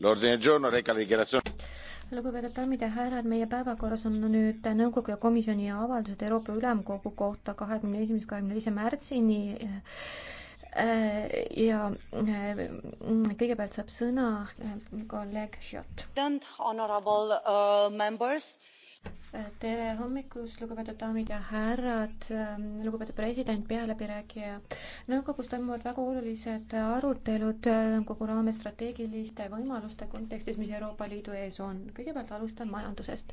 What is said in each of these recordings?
lugupeetud daamid ja härrad, meie päevakorras on nüüd nõukogu ja komisjoni avaldused Euroopa Ülemkogu kohta kahekümne esimesest kahekümne teise märtsini. Äh, ja äh, kõigepealt saab sõna äh, kolleeg Schott tere hommikust, lugupeetud daamid ja härrad, ähm, lugupeetud president, pealepirääkija. nõukogus toimuvad väga olulised arutelud äh, kogu raames strateegiliste võimaluste kontekstis, mis Euroopa Liidu ees on. kõigepealt alustan majandusest.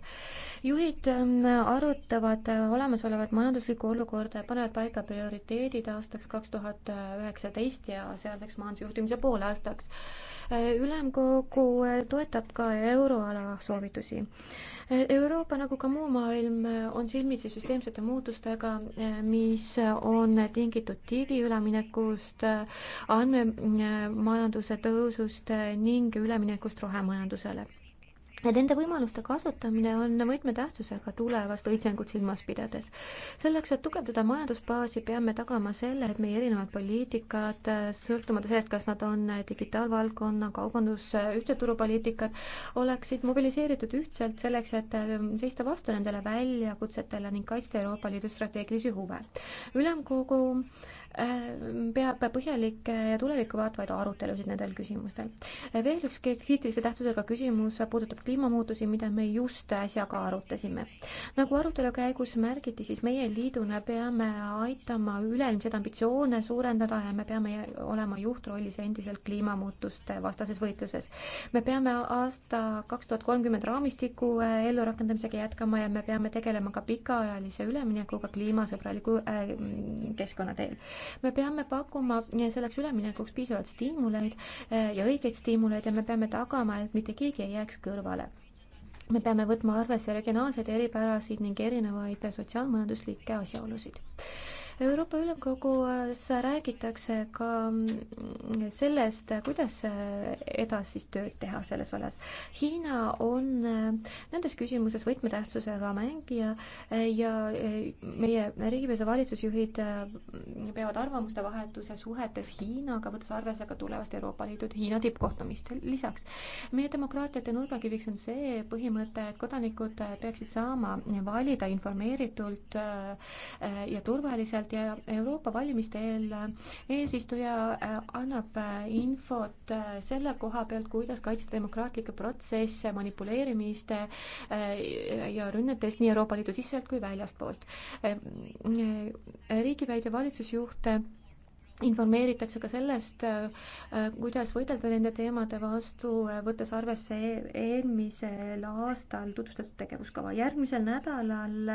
juhid ähm, arutavad äh, olemasolevat majanduslikku olukorda ja panevad paika prioriteedid aastaks kaks tuhat üheksateist ja sealseks majandusjuhtimise poolaastaks. Äh, ülemkogu toetab ka euroala soovitusi Euroopa nagu ka muu maailm on silmitsi süsteemsete muutustega, mis on tingitud digiüleminekust, andmemajanduse tõusust ning üleminekust rohemajandusele ja nende võimaluste kasutamine on võtmetähtsusega tulevast õitsengut silmas pidades. selleks, et tugevdada majandusbaasi, peame tagama selle, et meie erinevad poliitikad, sõltumata sellest, kas nad on digitaalvaldkonna, kaubandus, ühtseturupoliitikad, oleksid mobiliseeritud ühtselt selleks, et ähm, seista vastu nendele väljakutsetele ning kaitsta Euroopa Liidu strateegilisi huve. ülemkogu äh, peab põhjalikke ja tulevikku vaatavaid arutelusid nendel küsimustel. veel üks kriitilise tähtsusega küsimus puudutab kliimamuutusi, mida me just äsja ka arutasime. nagu arutelu käigus märgiti, siis meie liiduna peame aitama üleilmseid ambitsioone suurendada ja me peame olema juhtrollis endiselt kliimamuutuste vastases võitluses. me peame aasta kaks tuhat kolmkümmend raamistiku äh, ellurakendamisega jätkama ja me peame tegelema ka pikaajalise üleminekuga kliimasõbraliku äh, keskkonna teel me peame pakkuma selleks üleminekuks piisavalt stiimuleid eh, ja õigeid stiimuleid ja me peame tagama, et mitte keegi ei jääks kõrvale me peame võtma arvesse regionaalseid eripärasid ning erinevaid sotsiaalmajanduslikke asjaolusid Euroopa Ülemkogus räägitakse ka sellest, kuidas edasist tööd teha selles vallas. Hiina on nendes küsimuses võtmetähtsusega mängija ja meie riigipesu valitsusjuhid peavad arvamuste vahetuse suhetes Hiinaga, võttes arvesse ka tulevast Euroopa Liidu Hiina tippkohtumist. lisaks, meie demokraatiate nurgakiviks on see põhimõte, et kodanikud peaksid saama valida informeeritult ja turvaliselt, kõigepealt ja Euroopa valimiste eel äh, eesistuja äh, annab äh, infot selle koha pealt, kuidas kaitsta demokraatlikke protsesse manipuleerimiste ja rünnetest nii Euroopa Liidu siseselt kui väljastpoolt. riigipäid ja valitsusjuhte informeeritakse ka sellest, äh, kuidas võidelda nende teemade vastu, äh, võttes arvesse e-, eelmisel aastal tutvustatud tegevuskava. järgmisel nädalal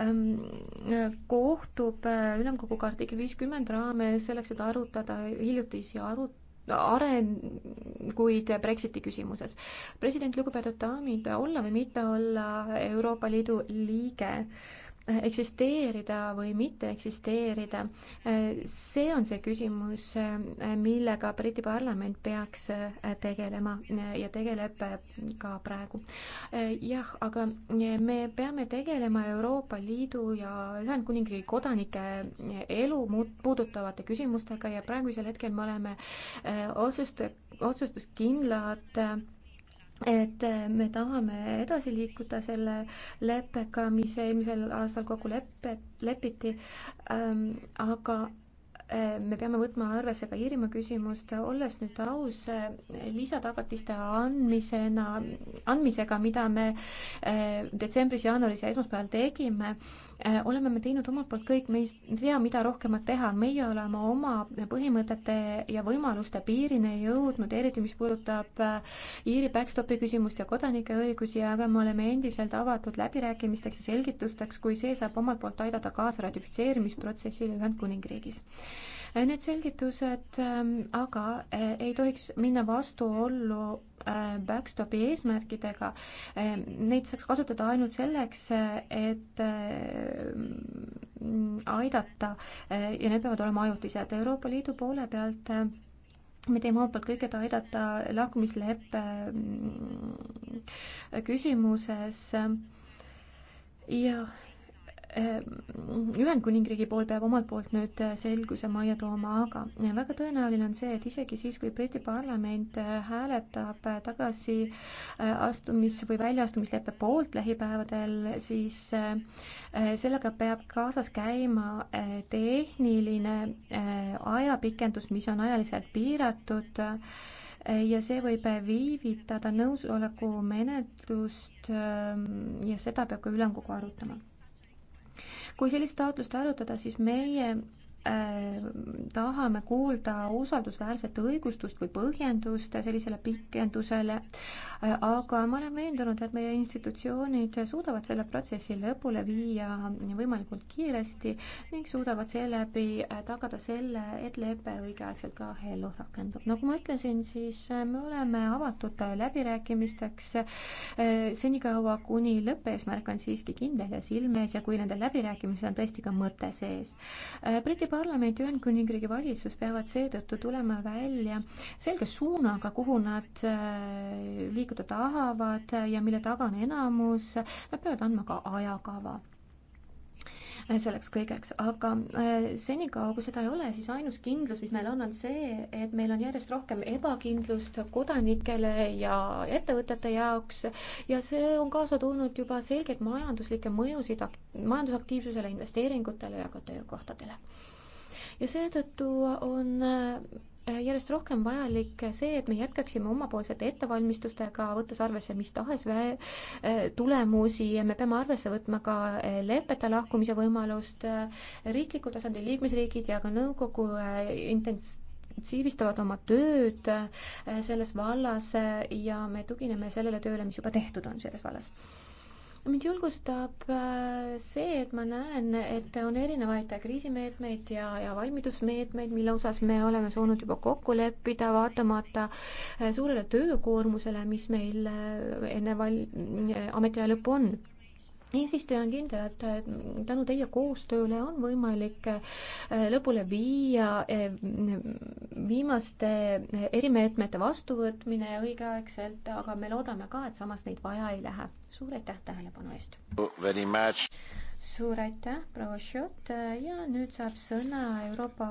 ähm, kohtub äh, ülemkoguga artikkel viiskümmend raames selleks, et arutada hiljutisi arut-, arenguid Brexiti küsimuses. president, lugupeetud daamid, olla või mitte olla Euroopa Liidu liige eksisteerida või mitte eksisteerida. see on see küsimus, millega Briti parlament peaks tegelema ja tegeleb ka praegu. jah, aga me peame tegelema Euroopa Liidu ja Ühendkuningriigi kodanike elu puudutavate küsimustega ja praegusel hetkel me oleme otsust, otsustuskindlad et äh, me tahame edasi liikuda selle leppega, mis eelmisel aastal kokku leppe, lepiti ähm,, aga me peame võtma arvesse ka Iirimaa küsimust, olles nüüd aus, lisatagatiste andmisena, andmisega, mida me äh, detsembris, jaanuaris ja esmaspäeval tegime, äh, oleme me teinud omalt poolt kõik, me ei tea, mida rohkemat teha, meie oleme oma põhimõtete ja võimaluste piirini jõudnud, eriti mis puudutab äh, Iiri backstopi küsimust ja kodanike õigusi, aga me oleme endiselt avatud läbirääkimisteks ja selgitusteks, kui see saab omalt poolt aidata kaasa ratifitseerimisprotsessile Ühendkuningriigis Äh, need selgitused ähm, aga äh, ei tohiks minna vastuollu äh, backstopi eesmärkidega, neid saaks kasutada ainult selleks, et aidata ja need peavad olema ajutised. Euroopa Liidu poole pealt me teeme omalt poolt kõik, et aidata lahkumisleppe küsimuses ja Ehm, Ühendkuningriigi pool peab omalt poolt nüüd äh, selguse majja tooma, aga äh, väga tõenäoline on see, et isegi siis, kui Briti parlament äh, hääletab tagasiastumis- või väljaastumisleppe poolt lähipäevadel, siis sellega peab kaasas käima tehniline ajapikendus, mis on ajaliselt piiratud ja see võib viivitada nõusolekumenetlust ähm, ja seda peab ka ülemkogu arutama kui sellist taotlust arutada, siis meie Äh, tahame kuulda usaldusväärset õigustust või põhjendust sellisele pikendusele, äh, aga ma olen veendunud, et meie institutsioonid suudavad selle protsessi lõpule viia võimalikult kiiresti ning suudavad seeläbi äh, tagada selle, et lepe õigeaegselt ka ellu rakendub. nagu ma ütlesin, siis me oleme avatud läbirääkimisteks senikaua, kuni lõppeesmärk on siiski kindel ja silme ees ja kui nendel läbirääkimistel on tõesti ka mõte sees. Briti parlament ja Ühendkuningriigi valitsus peavad seetõttu tulema välja selge suunaga, kuhu nad äh, liikuda tahavad ja mille taga on enamus, nad peavad andma ka ajakava äh, selleks kõigeks, aga äh, senikaua, kui seda ei ole, siis ainus kindlus, mis meil on, on see, et meil on järjest rohkem ebakindlust kodanikele ja ettevõtete jaoks ja see on kaasa toonud juba selgeid majanduslikke mõjusid majandusaktiivsusele, investeeringutele ja ka töökohtadele ja seetõttu on äh, järjest rohkem vajalik see, et me jätkaksime omapoolsete ettevalmistustega, võttes arvesse mis tahes äh, tulemusi ja me peame arvesse võtma ka äh, lepete lahkumise võimalust, riiklikul tasandil liikmesriigid ja ka nõukogu intens-, intensiivistavad oma tööd selles vallas ja me tugineme sellele tööle, mis juba tehtud on selles vallas mind julgustab äh, see, et ma näen, et on erinevaid kriisimeetmeid ja, ja valmidusmeetmeid, mille osas me oleme saanud juba kokku leppida, vaatamata äh, suurele töökoormusele, mis meil äh, enne val-, ametiaja lõppu on eesistuja on kindel, et tänu teie koostööle on võimalik äh, lõpule viia äh, viimaste äh, erimeetmete vastuvõtmine õigeaegselt, aga me loodame ka, et samas neid vaja ei lähe. suur aitäh tähelepanu eest! suur aitäh, proua Schott ja nüüd saab sõna Euroopa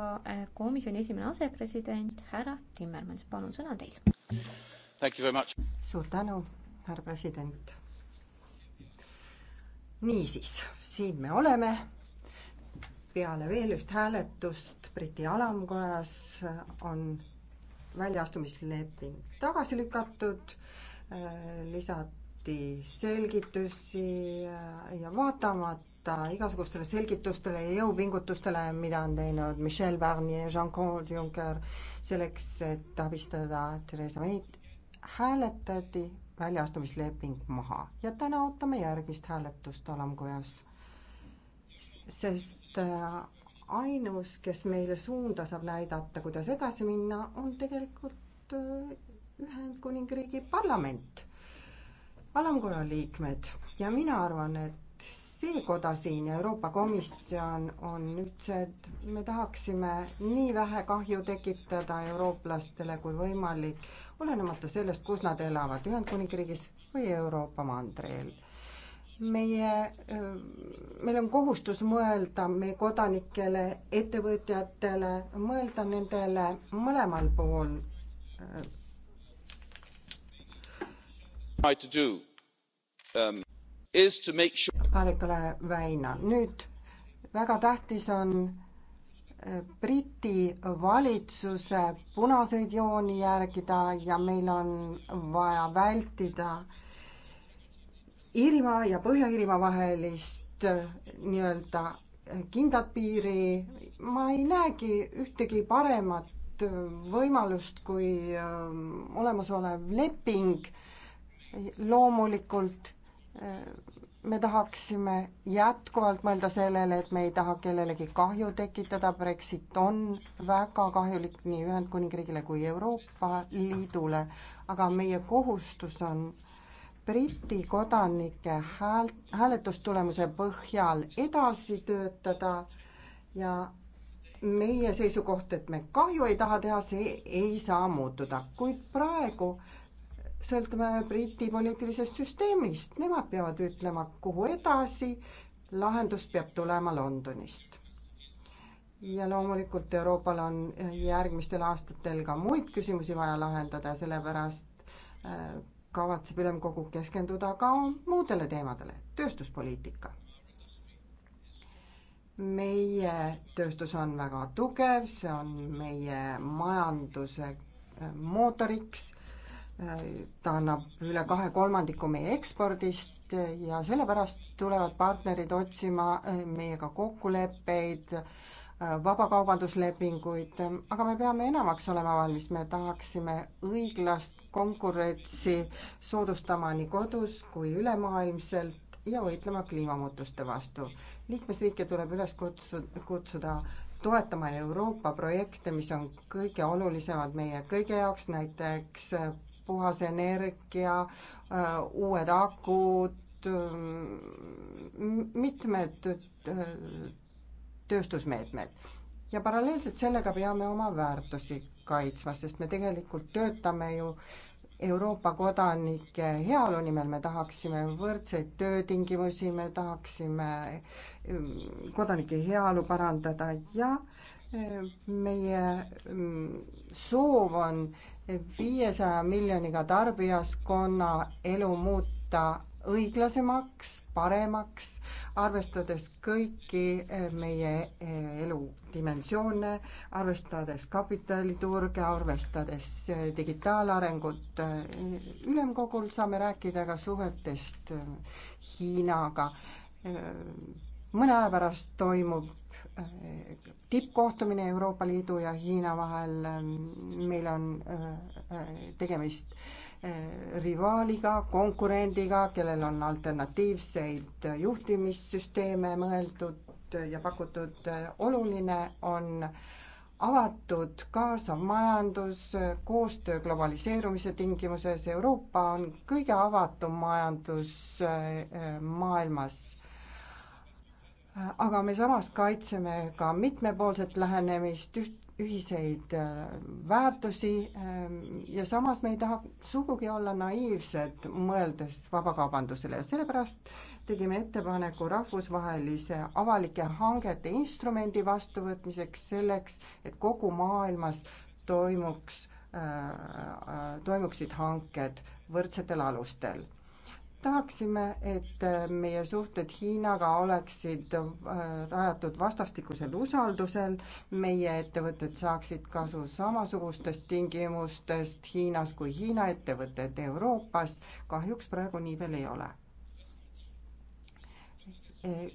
Komisjoni esimene asepresident härra Timmermans, palun, sõna on teil. suur tänu, härra president niisiis, siin me oleme peale veel üht hääletust Briti alamkojas on väljaastumisleping tagasi lükatud, lisati selgitusi ja vaatamata igasugustele selgitustele ja jõupingutustele, mida on teinud Michel Barnier, Jean-Claude Juncker selleks, et abistada Theresa May'd, hääletati väljaastumisleping maha ja täna ootame järgmist hääletust alamkojas. sest äh, ainus, kes meile suunda saab näidata, kuidas edasi minna, on tegelikult äh, Ühendkuningriigi parlament, alamkoja liikmed ja mina arvan, et see koda siin ja Euroopa Komisjon on üldse, et me tahaksime nii vähe kahju tekitada eurooplastele kui võimalik, olenemata sellest, kus nad elavad, Ühendkuningriigis või Euroopa mandril meie, meil on kohustus mõelda meie kodanikele, ettevõtjatele, mõelda nendele mõlemal pool. Um häälik ole väina. nüüd väga tähtis on äh, Briti valitsuse punaseid jooni järgida ja meil on vaja vältida Iirimaa ja Põhja-Iirimaa vahelist äh, nii-öelda äh, kindlat piiri. ma ei näegi ühtegi paremat võimalust kui olemasolev leping. loomulikult me tahaksime jätkuvalt mõelda sellele, et me ei taha kellelegi kahju tekitada, Brexit on väga kahjulik nii Ühendkuningriigile kui Euroopa Liidule, aga meie kohustus on Briti kodanike hääl, hääletustulemuse põhjal edasi töötada ja meie seisukoht, et me kahju ei taha teha, see ei saa muutuda, kuid praegu äh, sõltume Briti poliitilisest süsteemist, nemad peavad ütlema, kuhu edasi, lahendus peab tulema Londonist. ja loomulikult Euroopal on järgmistel aastatel ka muid küsimusi vaja lahendada, sellepärast äh, kavatseb ülemkogu keskenduda ka muudele teemadele, tööstuspoliitika. meie tööstus on väga tugev, see on meie majanduse äh, mootoriks ta annab üle kahe kolmandiku meie ekspordist ja sellepärast tulevad partnerid otsima äh, meiega kokkuleppeid, äh, vabakaubanduslepinguid, aga me peame enamaks olema valmis, me tahaksime õiglast konkurentsi soodustama nii kodus kui ülemaailmselt ja võitlema kliimamuutuste vastu. liikmesriike tuleb üles kutsu, kutsuda toetama Euroopa projekte, mis on kõige olulisemad meie kõigi jaoks, näiteks puhas energia, äh, uued akud, äh, mitmed äh, tööstusmeetmed. ja paralleelselt sellega peame oma väärtusi kaitsma, sest me tegelikult töötame ju Euroopa kodanike heaolu nimel me tahaksime võrdseid töötingimusi, me tahaksime kodanike heaolu parandada ja meie mm, soov on viiesaja miljoniga tarbijaskonna elu muuta õiglasemaks, paremaks, arvestades kõiki eh, meie eh, elu dimensioone, arvestades kapitaliturge, arvestades eh, digitaalarengut. ülemkogul saame rääkida ka suhetest Hiinaga. mõne aja pärast toimub Äh, tippkohtumine Euroopa Liidu ja Hiina vahel, ähm, meil on äh, äh, tegemist rivaaliga, konkurendiga, kellel on alternatiivseid juhtimissüsteeme mõeldud ja pakutud, oluline on avatud kaasav majandus, koostöö globaliseerumise tingimuses, Euroopa on kõige avatum majandus maailmas aga me samas kaitseme ka mitmepoolset lähenemist, üht, ühiseid äh, väärtusi ähm, ja samas me ei taha sugugi olla naiivsed, mõeldes vabakaubandusele ja sellepärast tegime ettepaneku rahvusvahelise avalike hangete instrumendi vastuvõtmiseks selleks, et kogu maailmas toimuks, äh, äh, toimuksid hanked võrdsetel alustel tahaksime, et äh, meie suhted Hiinaga oleksid äh, rajatud vastastikusel usaldusel, meie ettevõtted saaksid kasu samasugustest tingimustest Hiinas kui Hiina ettevõtted Euroopas. kahjuks praegu nii veel ei ole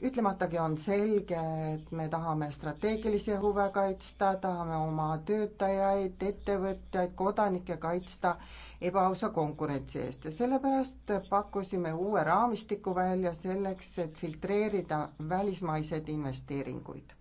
ütlematagi on selge, et me tahame strateegilisi huve kaitsta, tahame oma töötajaid, ettevõtjaid, kodanikke kaitsta ebaausa konkurentsi eest ja sellepärast pakkusime uue raamistiku välja selleks, et filtreerida välismaiseid investeeringuid.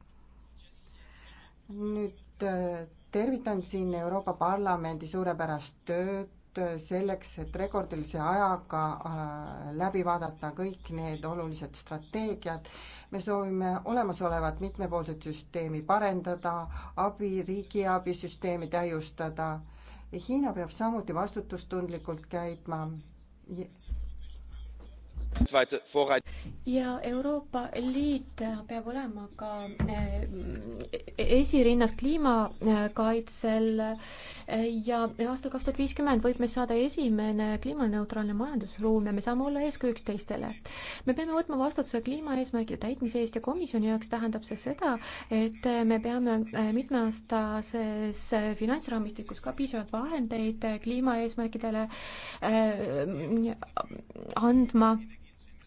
nüüd äh, tervitan siin Euroopa Parlamendi suurepärast tööd Äh, selleks, et rekordilise ajaga äh, läbi vaadata kõik need olulised strateegiad. me soovime olemasolevat mitmepoolset süsteemi parendada, abi, riigiabisüsteemi täiustada. Hiina peab samuti vastutustundlikult käituma ja Euroopa Liit peab olema ka äh, esirinnas kliimakaitsel ja aastal kaks tuhat viiskümmend võib meist saada esimene kliimaneutraalne majandusruum ja me saame olla eeskujuks teistele. me peame võtma vastutuse kliimaeesmärgide täitmise eest ja komisjoni jaoks tähendab see seda, et me peame äh, mitmeaastases äh, finantsraamistikus ka piisavalt vahendeid kliimaeesmärkidele andma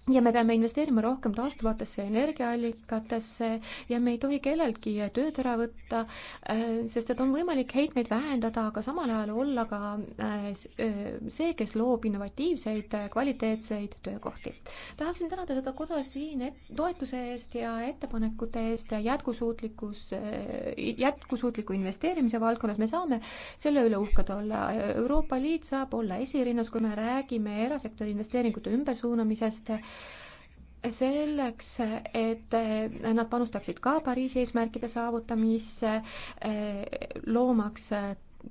ja me peame investeerima rohkem taastuvatesse energiaallikatesse ja me ei tohi kelleltki tööd ära võtta, äh, sest et on võimalik heitmeid vähendada, aga samal ajal olla ka äh, see, kes loob innovatiivseid, kvaliteetseid töökohti. tahaksin tänada seda koda siin et, toetuse eest ja ettepanekute eest jätkusuutlikus, äh, jätkusuutliku investeerimise valdkonnas, me saame selle üle uhked olla. Euroopa Liit saab olla esirinnas, kui me räägime erasektori investeeringute ümbersuunamisest selleks, et nad panustaksid ka Pariisi eesmärkide saavutamisse, loomaks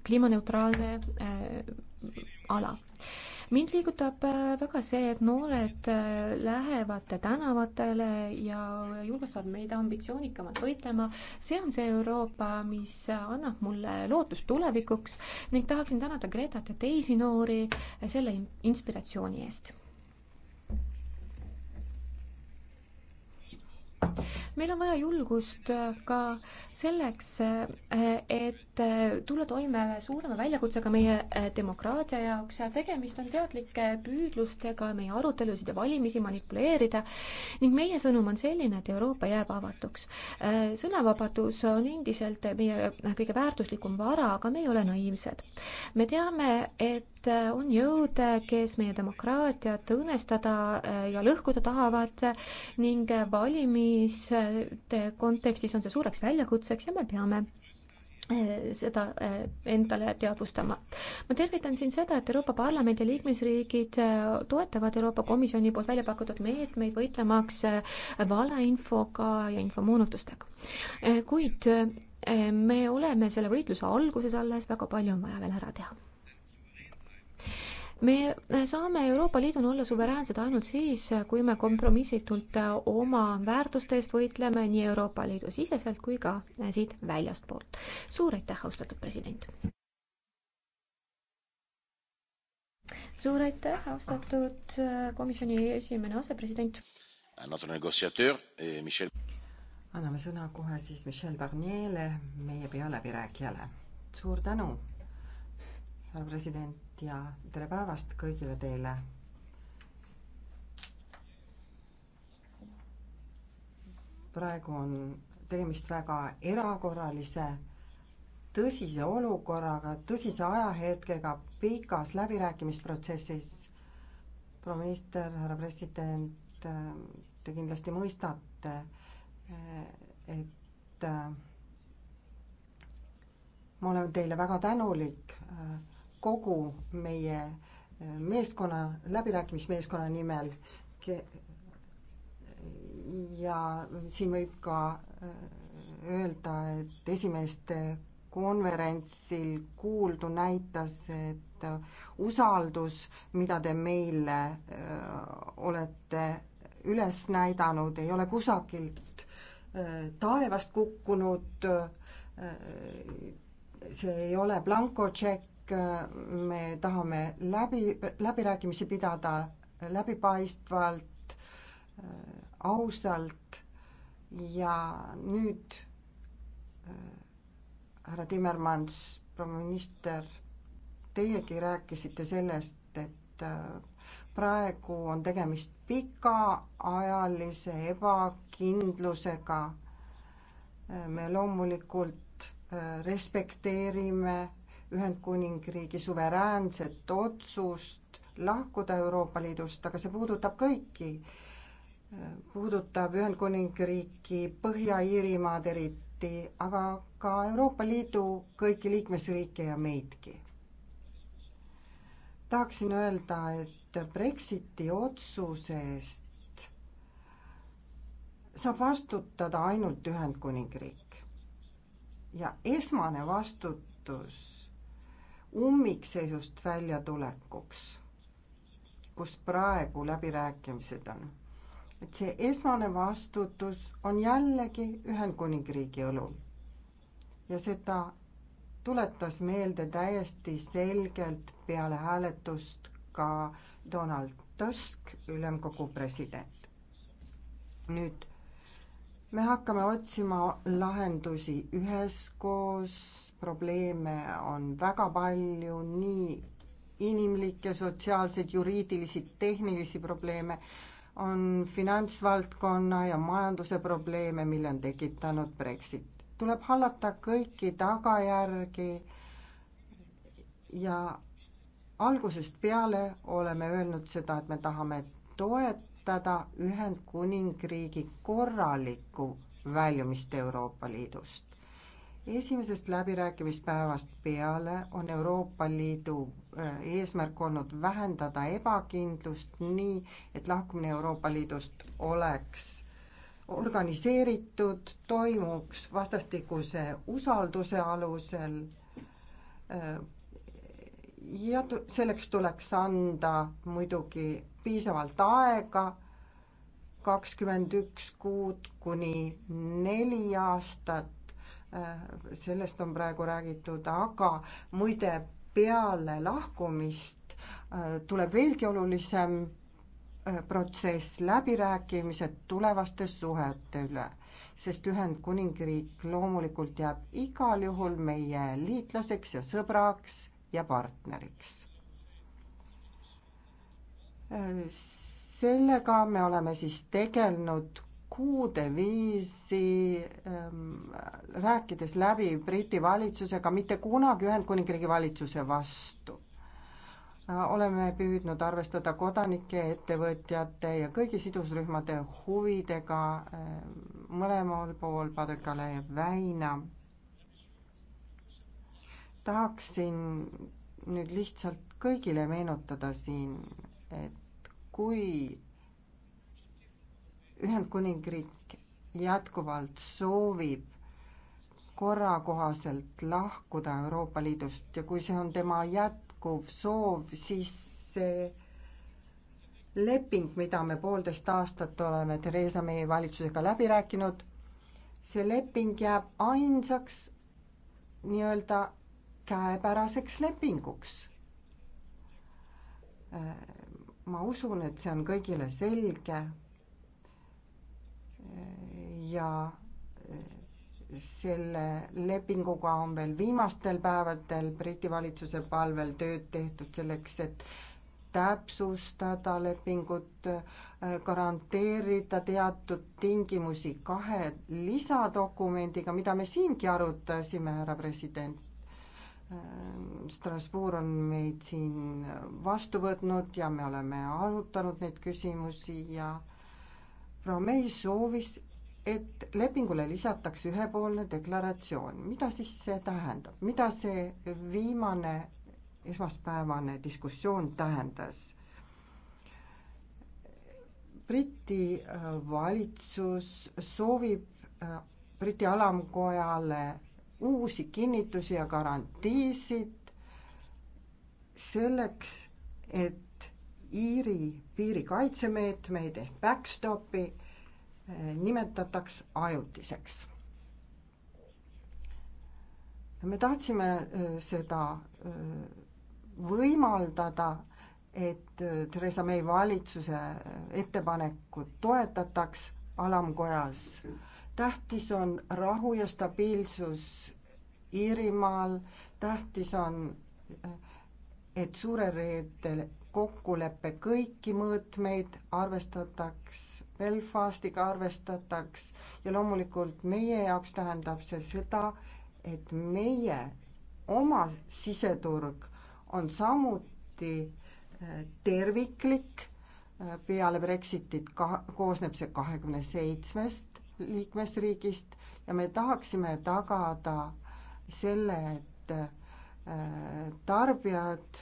kliimaneutraalne äh, ala. mind liigutab äh, väga see, et noored äh, lähevad tänavatele ja julgustavad meid ambitsioonikamalt võitlema. see on see Euroopa, mis annab mulle lootust tulevikuks ning tahaksin tänada Gretat ja teisi noori selle inspiratsiooni eest meil on vaja julgust äh, ka selleks, äh, et Äh, tulla toime suurema väljakutsega meie äh, demokraatia jaoks ja tegemist on teadlike püüdlustega meie arutelusid ja valimisi manipuleerida ning meie sõnum on selline, et Euroopa jääb avatuks. Äh, sõnavabadus on endiselt meie kõige väärtuslikum vara, aga me ei ole naiivsed. me teame, et on jõude, kes meie demokraatiat õõnestada ja lõhkuda tahavad ning valimiste kontekstis on see suureks väljakutseks ja me peame Eh, seda eh, endale teadvustama. ma tervitan siin seda, et Euroopa Parlamendi liikmesriigid eh, toetavad Euroopa Komisjoni poolt välja pakutud meetmeid võitlemaks valeinfoga ja infomoonutustega. kuid me oleme selle võitluse alguses alles, väga palju on vaja veel ära teha me saame Euroopa Liiduna olla suveräänsed ainult siis, kui me kompromissitult oma väärtuste eest võitleme nii Euroopa Liidu siseselt kui ka siit väljastpoolt. suur aitäh, austatud president! suur aitäh, austatud komisjoni esimene asepresident! anname sõna kohe siis Michel Barnier'le, meie pealäbirääkijale. suur tänu, härra president! ja tere päevast kõigile teile. praegu on tegemist väga erakorralise, tõsise olukorraga, tõsise ajahetkega pikas läbirääkimisprotsessis. proua minister, härra president, te kindlasti mõistate, et ma olen teile väga tänulik kogu meie äh, meeskonna, läbirääkimismeeskonna nimel ja siin võib ka äh, öelda, et esimeste konverentsil kuuldu näitas, et äh, usaldus, mida te meile olete üles näidanud, ei ole kusagilt taevast kukkunud, see ei ole blankotšekk, Äh, me tahame läbi, läbirääkimisi pidada läbipaistvalt, äh, ausalt ja nüüd äh, härra Timmermans, proua minister, teiegi rääkisite sellest, et praegu on tegemist pikaajalise ebakindlusega. me loomulikult respekteerime Ühendkuningriigi suveräänset otsust lahkuda Euroopa Liidust, aga see puudutab kõiki. puudutab Ühendkuningriiki, Põhja-Iirimaad eriti, aga ka Euroopa Liidu kõiki liikmesriike ja meidki. tahaksin öelda, et Brexiti otsuse eest saab vastutada ainult Ühendkuningriik. ja esmane vastutus ummikseisust väljatulekuks, kus praegu läbirääkimised on. et see esmane vastutus on jällegi Ühendkuningriigi õlul. ja seda tuletas meelde täiesti selgelt peale hääletust ka Donald Tusk, ülemkogu president. nüüd me hakkame otsima lahendusi üheskoos, probleeme on väga palju, nii inimlikke, sotsiaalseid, juriidilisi, tehnilisi probleeme, on finantsvaldkonna ja majanduse probleeme, mille on tekitanud Brexit. tuleb hallata kõiki tagajärgi ja algusest peale oleme öelnud seda, et me tahame toetada toetada Ühendkuningriigi korralikku väljumist Euroopa Liidust. esimesest läbirääkimispäevast peale on Euroopa Liidu äh, eesmärk olnud vähendada ebakindlust nii, et lahkumine Euroopa Liidust oleks organiseeritud, toimuks vastastikuse usalduse alusel äh, ja selleks tuleks anda muidugi piisavalt aega, kakskümmend üks kuud kuni neli aastat, äh, sellest on praegu räägitud, aga muide, peale lahkumist äh, tuleb veelgi olulisem äh, protsess, läbirääkimised tulevaste suhete üle, sest Ühendkuningriik loomulikult jääb igal juhul meie liitlaseks ja sõbraks ja partneriks. Äh, sellega me oleme siis tegelenud kuude viisi ähm, rääkides läbi Briti valitsusega, mitte kunagi Ühendkuningriigi valitsuse vastu äh,. oleme püüdnud arvestada kodanike, ettevõtjate ja kõigi sidusrühmade huvidega äh, mõlemal pool Padekale ja Väina. tahaksin nüüd lihtsalt kõigile meenutada siin et kui Ühendkuningriik jätkuvalt soovib korrakohaselt lahkuda Euroopa Liidust ja kui see on tema jätkuv soov, siis see leping, mida me poolteist aastat oleme Theresa May valitsusega läbi rääkinud, see leping jääb ainsaks nii-öelda käepäraseks lepinguks ma usun, et see on kõigile selge ja selle lepinguga on veel viimastel päevadel Briti valitsuse palvel tööd tehtud selleks, et täpsustada lepingut, garanteerida teatud tingimusi kahe lisadokumendiga, mida me siingi arutasime, härra president. Ehm, Strasbourg on meid siin vastu võtnud ja me oleme arutanud neid küsimusi ja proua May soovis, et lepingule lisatakse ühepoolne deklaratsioon. mida siis see tähendab, mida see viimane esmaspäevane diskussioon tähendas? Briti äh, valitsus soovib äh, Briti alamkojale uusi kinnitusi ja garantiisid selleks, et Iiri piiri kaitsemeetmeid ehk backstopi eh, nimetataks ajutiseks. me tahtsime eh, seda eh, võimaldada, et Theresa May valitsuse ettepanekut toetataks alamkojas äh, tähtis on rahu ja stabiilsus Iirimaal, tähtis on, et suure reede kokkuleppe kõiki mõõtmeid arvestataks, Belfastiga arvestataks ja loomulikult meie jaoks tähendab see seda, et meie oma siseturg on samuti äh, terviklik, äh, peale Brexitit ka-, koosneb see kahekümne seitsmest liikmesriigist ja me tahaksime tagada selle, et äh, tarbijad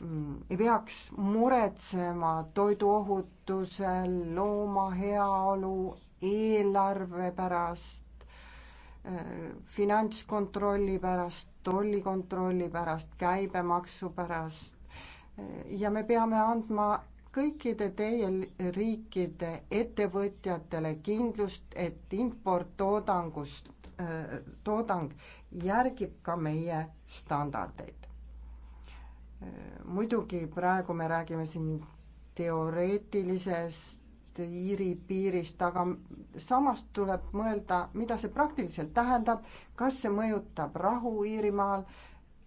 mm, ei peaks muretsema toiduohutuse, looma heaolu, eelarve pärast, äh, finantskontrolli pärast, tollikontrolli pärast, käibemaksu pärast äh, ja me peame andma kõikide teie riikide ettevõtjatele kindlust, et importtoodangust, toodang järgib ka meie standardeid. muidugi praegu me räägime siin teoreetilisest Iiri piirist, aga samas tuleb mõelda, mida see praktiliselt tähendab, kas see mõjutab rahu Iirimaal,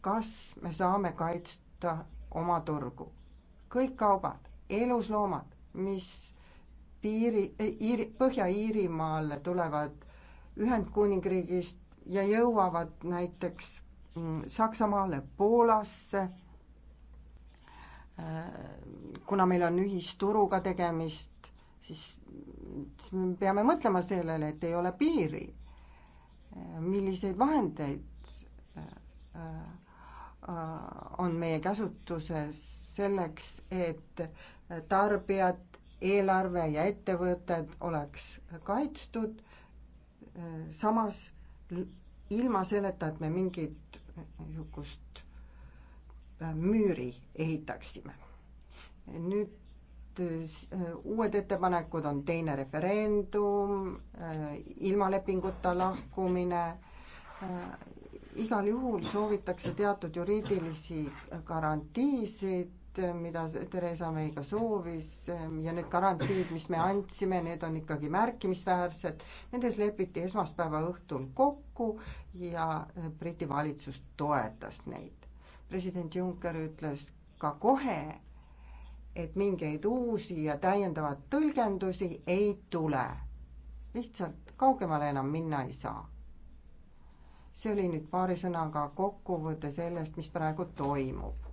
kas me saame kaitsta oma turgu, kõik kaubad elusloomad, mis piiri, Iiri, Põhja-Iirimaale tulevad Ühendkuningriigist ja jõuavad näiteks mm, Saksamaale, Poolasse, äh, kuna meil on ühisturuga tegemist, siis, siis me peame mõtlema sellele, et ei ole piiri. Äh, milliseid vahendeid äh, on meie käsutuses selleks, et tarbijad, eelarve ja ettevõtted oleks kaitstud, samas ilma selleta, et me mingit niisugust äh, müüri ehitaksime. nüüd äh, uued ettepanekud on teine referendum, äh, ilma lepinguta lahkumine, igal juhul soovitakse teatud juriidilisi garantiisid, Eh, mida Theresa May ka soovis eh, ja need garantiid, mis me andsime, need on ikkagi märkimisväärsed. Nendes lepiti esmaspäeva õhtul kokku ja eh, Briti valitsus toetas neid. president Juncker ütles ka kohe, et mingeid uusi ja täiendavaid tõlgendusi ei tule. lihtsalt kaugemale enam minna ei saa. see oli nüüd paari sõnaga kokkuvõte sellest, mis praegu toimub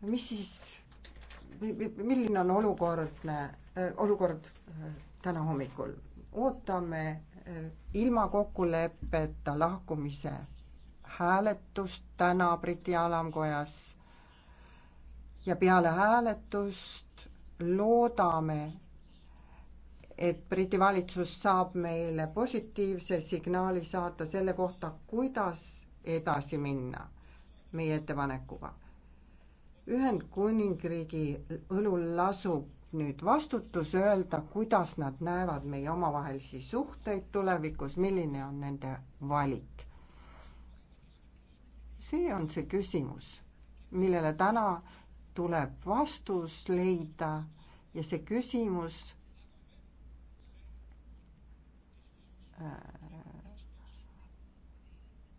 mis siis, milline on olukordne, äh, olukord äh, täna hommikul? ootame äh, ilma kokkuleppeta lahkumise hääletust täna Briti alamkojas ja peale hääletust loodame, et Briti valitsus saab meile positiivse signaali saata selle kohta, kuidas edasi minna meie ettepanekuga Ühendkuningriigi õlul lasub nüüd vastutus öelda, kuidas nad näevad meie omavahelisi suhteid tulevikus, milline on nende valik. see on see küsimus, millele täna tuleb vastus leida ja see küsimus äh,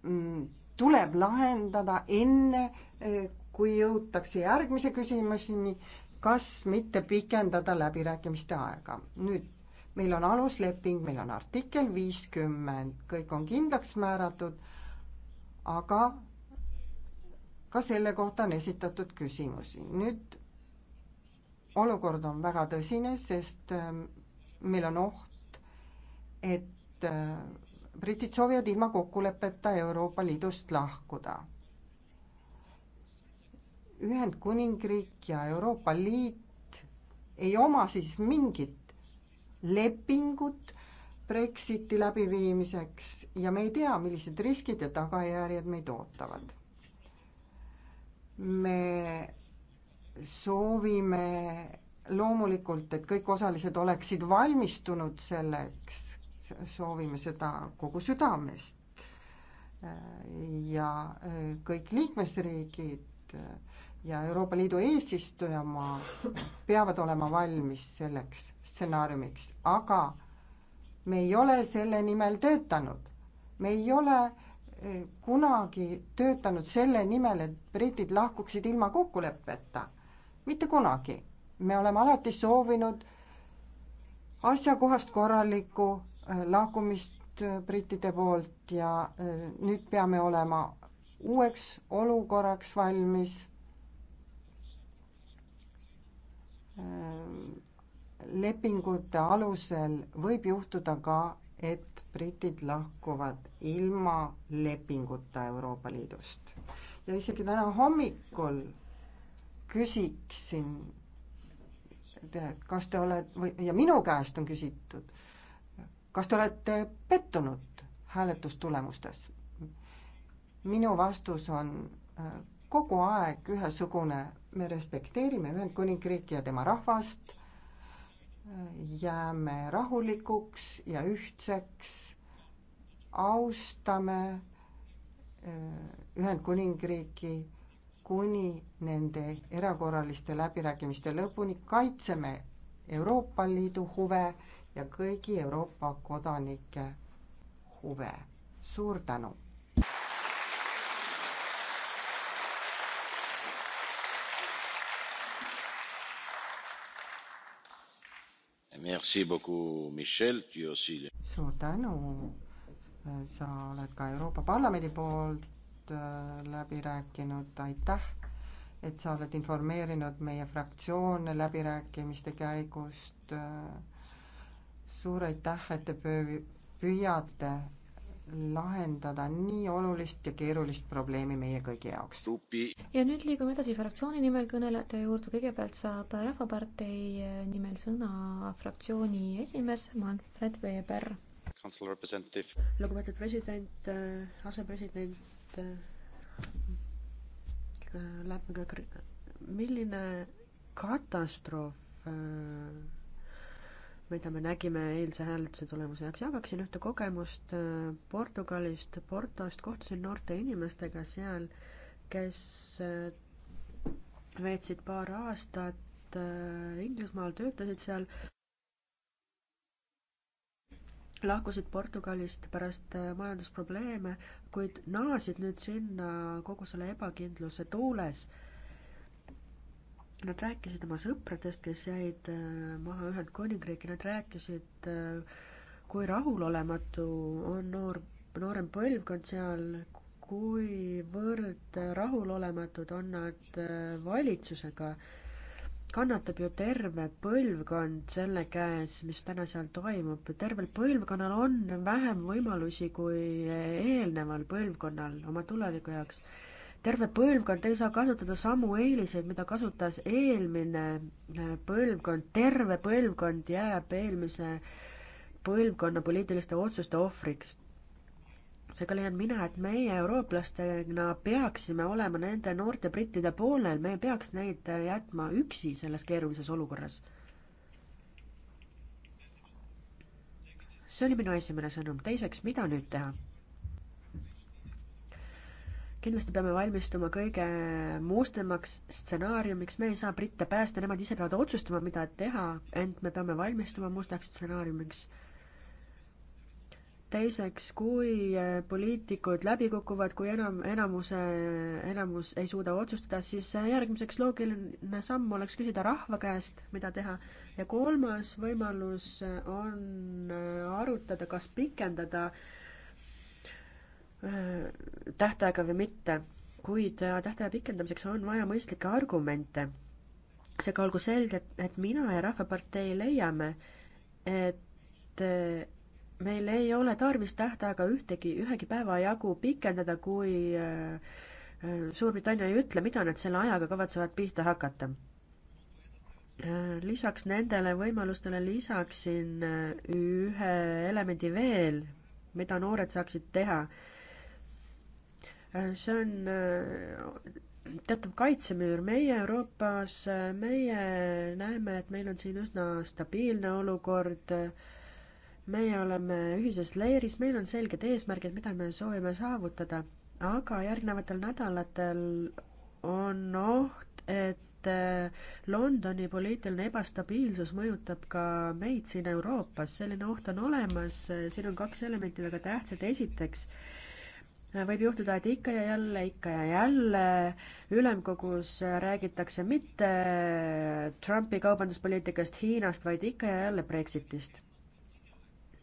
mm, tuleb lahendada enne, äh, kui jõutakse järgmise küsimuseni, kas mitte pikendada läbirääkimiste aega. nüüd meil on alusleping, meil on artikkel viiskümmend, kõik on kindlaks määratud, aga ka selle kohta on esitatud küsimusi. nüüd olukord on väga tõsine, sest äh, meil on oht, et äh, britid soovivad ilma kokkuleppeta Euroopa Liidust lahkuda Ühendkuningriik ja Euroopa Liit ei oma siis mingit lepingut Brexiti läbiviimiseks ja me ei tea, millised riskid ja tagajärjed meid ootavad. me soovime loomulikult, et kõik osalised oleksid valmistunud selleks, soovime seda kogu südamest. ja kõik liikmesriigid ja Euroopa Liidu eesistujamaa peavad olema valmis selleks stsenaariumiks, aga me ei ole selle nimel töötanud. me ei ole eh, kunagi töötanud selle nimel, et britid lahkuksid ilma kokkuleppeta. mitte kunagi. me oleme alati soovinud asjakohast korralikku eh, lahkumist eh, brittide poolt ja nüüd peame olema uueks olukorraks valmis lepingute alusel võib juhtuda ka, et britid lahkuvad ilma lepinguta Euroopa Liidust. ja isegi täna hommikul küsiksin, kas te olete või, ja minu käest on küsitud, kas te olete pettunud hääletustulemustes? minu vastus on kogu aeg ühesugune, me respekteerime Ühendkuningriiki ja tema rahvast, jääme rahulikuks ja ühtseks, austame äh, Ühendkuningriiki kuni nende erakorraliste läbirääkimiste lõpuni, kaitseme Euroopa Liidu huve ja kõigi Euroopa kodanike huve. suur tänu! suur tänu, sa oled ka Euroopa Parlamendi poolt äh, läbi rääkinud, aitäh, et sa oled informeerinud meie fraktsioone läbirääkimiste käigust. Äh, suur aitäh, et te pöö-, püüate lahendada nii olulist ja keerulist probleemi meie kõigi jaoks. ja nüüd liigume edasi fraktsiooni nimel kõnelejate juurde, kõigepealt saab Rahvapartei nimel sõna fraktsiooni esimees Manfred Weber. lugupeetud president, äh, asepresident, äh, äh, lähme nagu ka, milline katastroof mida me nägime eilse hääletuse tulemuse jaoks. jagaksin ühte kogemust äh, Portugalist, Portost, kohtusin noorte inimestega seal, kes äh, veetsid paar aastat äh, Inglismaal, töötasid seal, lahkusid Portugalist pärast majandusprobleeme, kuid naasid nüüd sinna kogu selle ebakindluse tuules Nad rääkisid oma sõpradest, kes jäid äh, maha Ühendkuningriiki, nad rääkisid, äh, kui rahulolematu on noor, noorem põlvkond seal, kuivõrd rahulolematud on nad äh, valitsusega. kannatab ju terve põlvkond selle käes, mis täna seal toimub. tervel põlvkonnal on vähem võimalusi kui eelneval põlvkonnal oma tuleviku jaoks terve põlvkond ei saa kasutada samu eeliseid, mida kasutas eelmine äh, põlvkond, terve põlvkond jääb eelmise põlvkonna poliitiliste otsuste ohvriks. seega leian mina, et meie eurooplastena peaksime olema nende noorte brittide poolel, me ei peaks neid äh, jätma üksi selles keerulises olukorras. see oli minu esimene sõnum, teiseks, mida nüüd teha? kindlasti peame valmistuma kõige mustemaks stsenaariumiks, me ei saa britte päästa, nemad ise peavad otsustama, mida teha, ent me peame valmistuma mustaks stsenaariumiks. teiseks, kui äh, poliitikud läbi kukuvad, kui enam, enamuse, enamus ei suuda otsustada, siis äh, järgmiseks loogiline samm oleks küsida rahva käest, mida teha. ja kolmas võimalus äh, on arutada, kas pikendada äh, tähtaega või mitte, kuid äh, tähtaja pikendamiseks on vaja mõistlikke argumente. seega olgu selge, et mina ja Rahvapartei leiame, et äh, meil ei ole tarvis tähtaega ühtegi, ühegi päeva jagu pikendada, kui äh, Suurbritannia ei ütle, mida nad selle ajaga kavatsevad pihta hakata lisaks nendele võimalustele lisaksin ühe elemendi veel, mida noored saaksid teha. Äh, see on äh, teatav kaitsemüür, meie Euroopas, meie näeme, et meil on siin üsna stabiilne olukord, meie oleme ühises leeris, meil on selged eesmärgid, mida me soovime saavutada, aga järgnevatel nädalatel on oht, et äh, Londoni poliitiline ebastabiilsus mõjutab ka meid siin Euroopas, selline oht on olemas, siin on kaks elementi väga tähtsad, esiteks võib juhtuda, et ikka ja jälle, ikka ja jälle ülemkogus räägitakse mitte Trumpi kaubanduspoliitikast Hiinast, vaid ikka ja jälle Brexitist.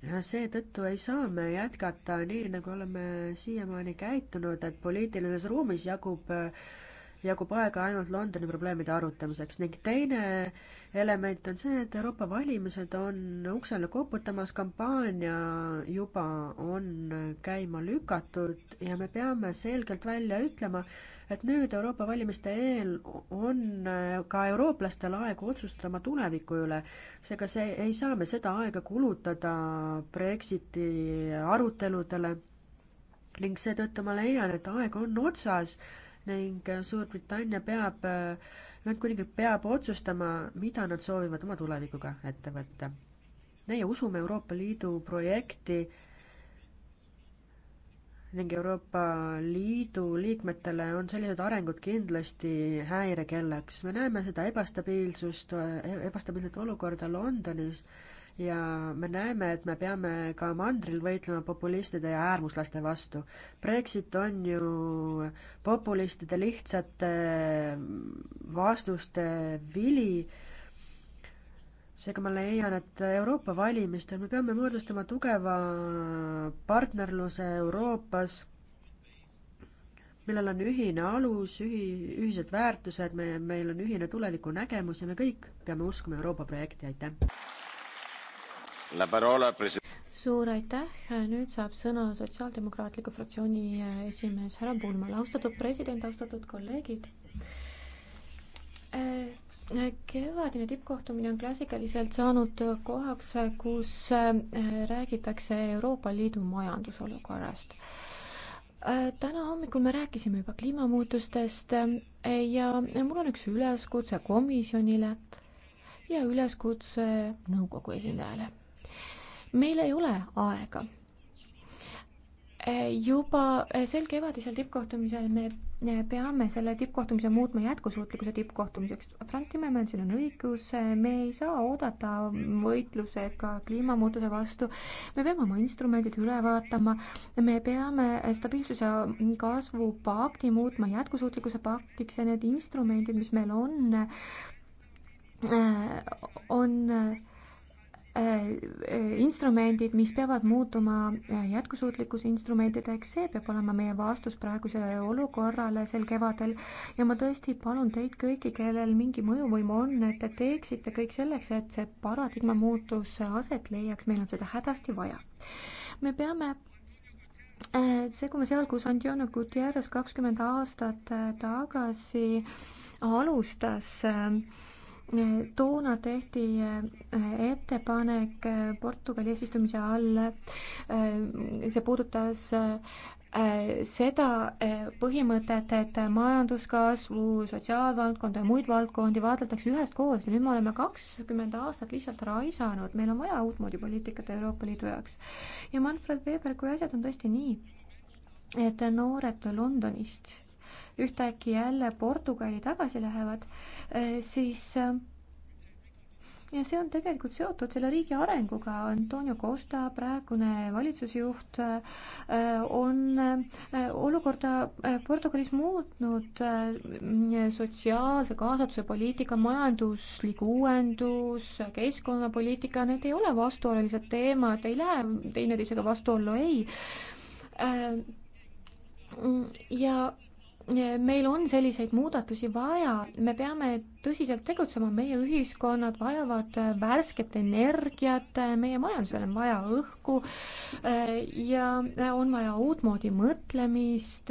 ja seetõttu ei saa me jätkata nii, nagu oleme siiamaani käitunud, et poliitilises ruumis jagub äh, jagub aega ainult Londoni probleemide arutamiseks ning teine element on see, et Euroopa valimised on uksele koputamas, kampaania juba on käima lükatud ja me peame selgelt välja ütlema, et nüüd Euroopa valimiste eel on ka eurooplastel aeg otsustada oma tuleviku üle. seega see, ei saa me seda aega kulutada Brexiti aruteludele ning seetõttu ma leian, et aeg on otsas ning äh, Suurbritannia peab, äh, Ühendkuningriik peab otsustama, mida nad soovivad oma tulevikuga ette võtta. meie usume Euroopa Liidu projekti ning Euroopa Liidu liikmetele on sellised arengud kindlasti häirekellaks. me näeme seda ebastabiilsust, e-, ebastabiilset olukorda Londonis ja me näeme, et me peame ka mandril võitlema populistide ja äärmuslaste vastu. Brexit on ju populistide lihtsate vastuste vili seega ma leian, et Euroopa valimistel me peame moodustama tugeva partnerluse Euroopas, millel on ühine alus, ühi-, ühised väärtused, me, meil on ühine tulevikunägemus ja me kõik peame uskuma Euroopa projekti, aitäh! suur aitäh, nüüd saab sõna Sotsiaaldemokraatliku fraktsiooni esimees härra Pulmal, austatud president, austatud kolleegid. Äh, kevadine tippkohtumine on klassikaliselt saanud kohaks, kus äh, räägitakse Euroopa Liidu majandusolukorrast äh, täna hommikul me rääkisime juba kliimamuutustest ja mul on üks üleskutse komisjonile ja üleskutse nõukogu esindajale meil ei ole aega. Eh, juba eh, sel kevadisel tippkohtumisel me eh, peame selle tippkohtumise muutma jätkusuutlikkuse tippkohtumiseks. Franz Timmermansil on õigus, me ei saa oodata võitlusega kliimamuutuse vastu. me peame oma instrumendid üle vaatama, me peame stabiilsuse kasvupakti muutma jätkusuutlikkuse paktiks ja need instrumendid, mis meil on, on Äh, instrumendid, mis peavad muutuma äh, jätkusuutlikkuse instrumentideks, see peab olema meie vastus praegusele olukorrale sel kevadel. ja ma tõesti palun teid kõiki, kellel mingi mõjuvõim on, et te teeksite kõik selleks, et see paradigma muutus aset leiaks, meil on seda hädasti vaja. me peame äh, segume seal, kus Antonio Guterres kakskümmend aastat tagasi alustas äh, toona tehti äh, ettepanek äh, Portugali eesistumise all, äh, see puudutas seda põhimõtet, et majanduskasvu, sotsiaalvaldkonda ja muid valdkondi vaadatakse üheskoos ja nüüd me oleme kakskümmend aastat lihtsalt raisanud, meil on vaja uutmoodi poliitikat Euroopa Liidu jaoks. ja Manfred Weber, kui asjad on tõesti nii, et noored Londonist ühtäkki jälle Portugali tagasi lähevad, eh, siis eh, ja see on tegelikult seotud selle riigi arenguga. Antonio Costa, praegune valitsusjuht, eh, on olukorda Portugalis muutnud sotsiaalse kaasatuse poliitika, majanduslik uuendus, keskkonnapoliitika, need ei ole vastuolulised teemad, ei lähe teineteisega vastuollu, ei. ja meil on selliseid muudatusi vaja, me peame tõsiselt tegutsema, meie ühiskonnad vajavad äh, värsket energiat, äh, meie majandusel on vaja õhku äh, ja on vaja uutmoodi mõtlemist.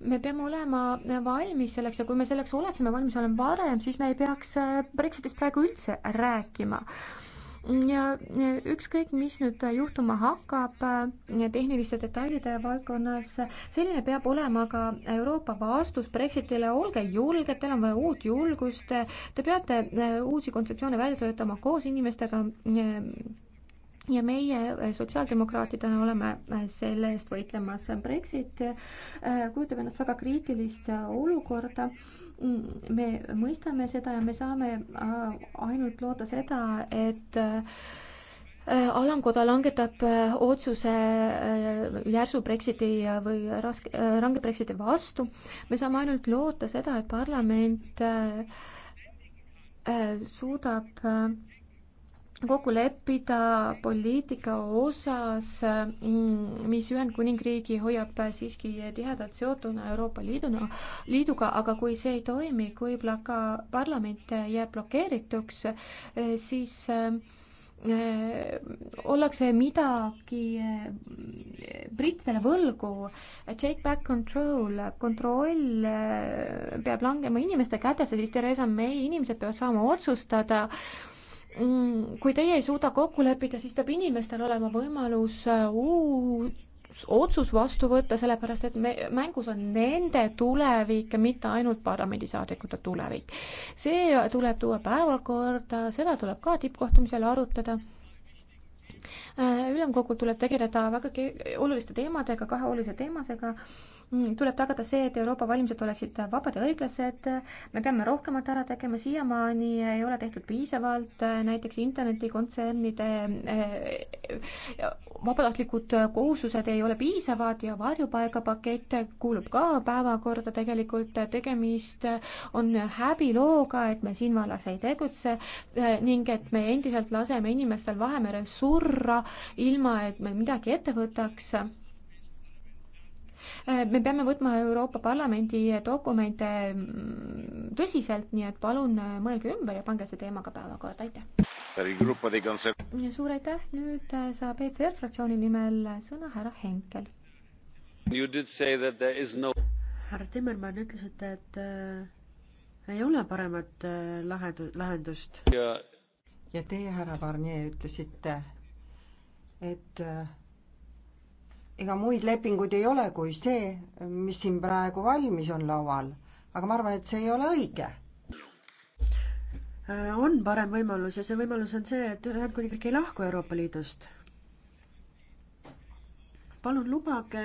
me peame olema valmis selleks ja kui me selleks oleksime valmis olema varem, siis me ei peaks Brexitist praegu üldse rääkima ja ükskõik, mis nüüd juhtuma hakkab tehniliste detailide valdkonnas, selline peab olema ka Euroopa vastus Brexitile, olge julged, teil on vaja uut julgust, te peate äh, uusi kontseptsioone välja töötama koos inimestega ja meie äh, sotsiaaldemokraatidena oleme äh, selle eest võitlemas. Brexit kujutab endast väga kriitilist olukorda me mõistame seda ja me saame äh, ainult loota seda, et äh, alamkoda langetab äh, otsuse järsu Brexiti või raske, range Brexiti vastu. me saame ainult loota seda, et parlament suudab kokku leppida poliitika osas, mm, mis Ühendkuningriigi hoiab siiski tihedalt seotuna Euroopa Liiduna, liiduga, aga kui see ei toimi, kui plaka-, parlament jääb blokeerituks, siis eh, ollakse midagi eh, brittidele võlgu. Take back control, kontroll eh, peab langema inimeste kätesse, siis Theresa May, inimesed peavad saama otsustada äh, Mm, kui teie ei suuda kokku leppida, siis peab inimestel olema võimalus äh, uus otsus vastu võtta, sellepärast et me, mängus on nende tulevik ja mitte ainult parlamendisaadikute tulevik. see tuleb tuua päevakorda, seda tuleb ka tippkohtumisel arutada äh, ülemkogul tuleb tegeleda väga oluliste teemadega, kahe olulise teemasega Mm, tuleb tagada see, et Euroopa valimised oleksid vabad ja õiglased, me peame rohkemat ära tegema, siiamaani ei ole tehtud piisavalt, näiteks internetikontsernide eh, vabatahtlikud kohustused ei ole piisavad ja varjupaigapakett kuulub ka päevakorda tegelikult, tegemist on häbilooga, et me siin vallas ei tegutse eh, ning et me endiselt laseme inimestel Vahemerel surra, ilma et me midagi ette võtaks Äh, me peame võtma Euroopa Parlamendi dokumente mm, tõsiselt, nii et palun äh, mõelge ümber ja pange see teema ka päevakorda, aitäh! suur aitäh, nüüd äh, saab ECR fraktsiooni nimel sõna härra Henkel. No... härra Timmermann, ütlesite, et äh, ei ole paremat äh, lahendu-, lahendust ja.... ja teie, härra Barnier, ütlesite, et äh, ega muid lepinguid ei ole kui see, mis siin praegu valmis on laual. aga ma arvan, et see ei ole õige. Äh, on parem võimalus ja see võimalus on see, et Ühendkuningriik ei lahku Euroopa Liidust. palun lubage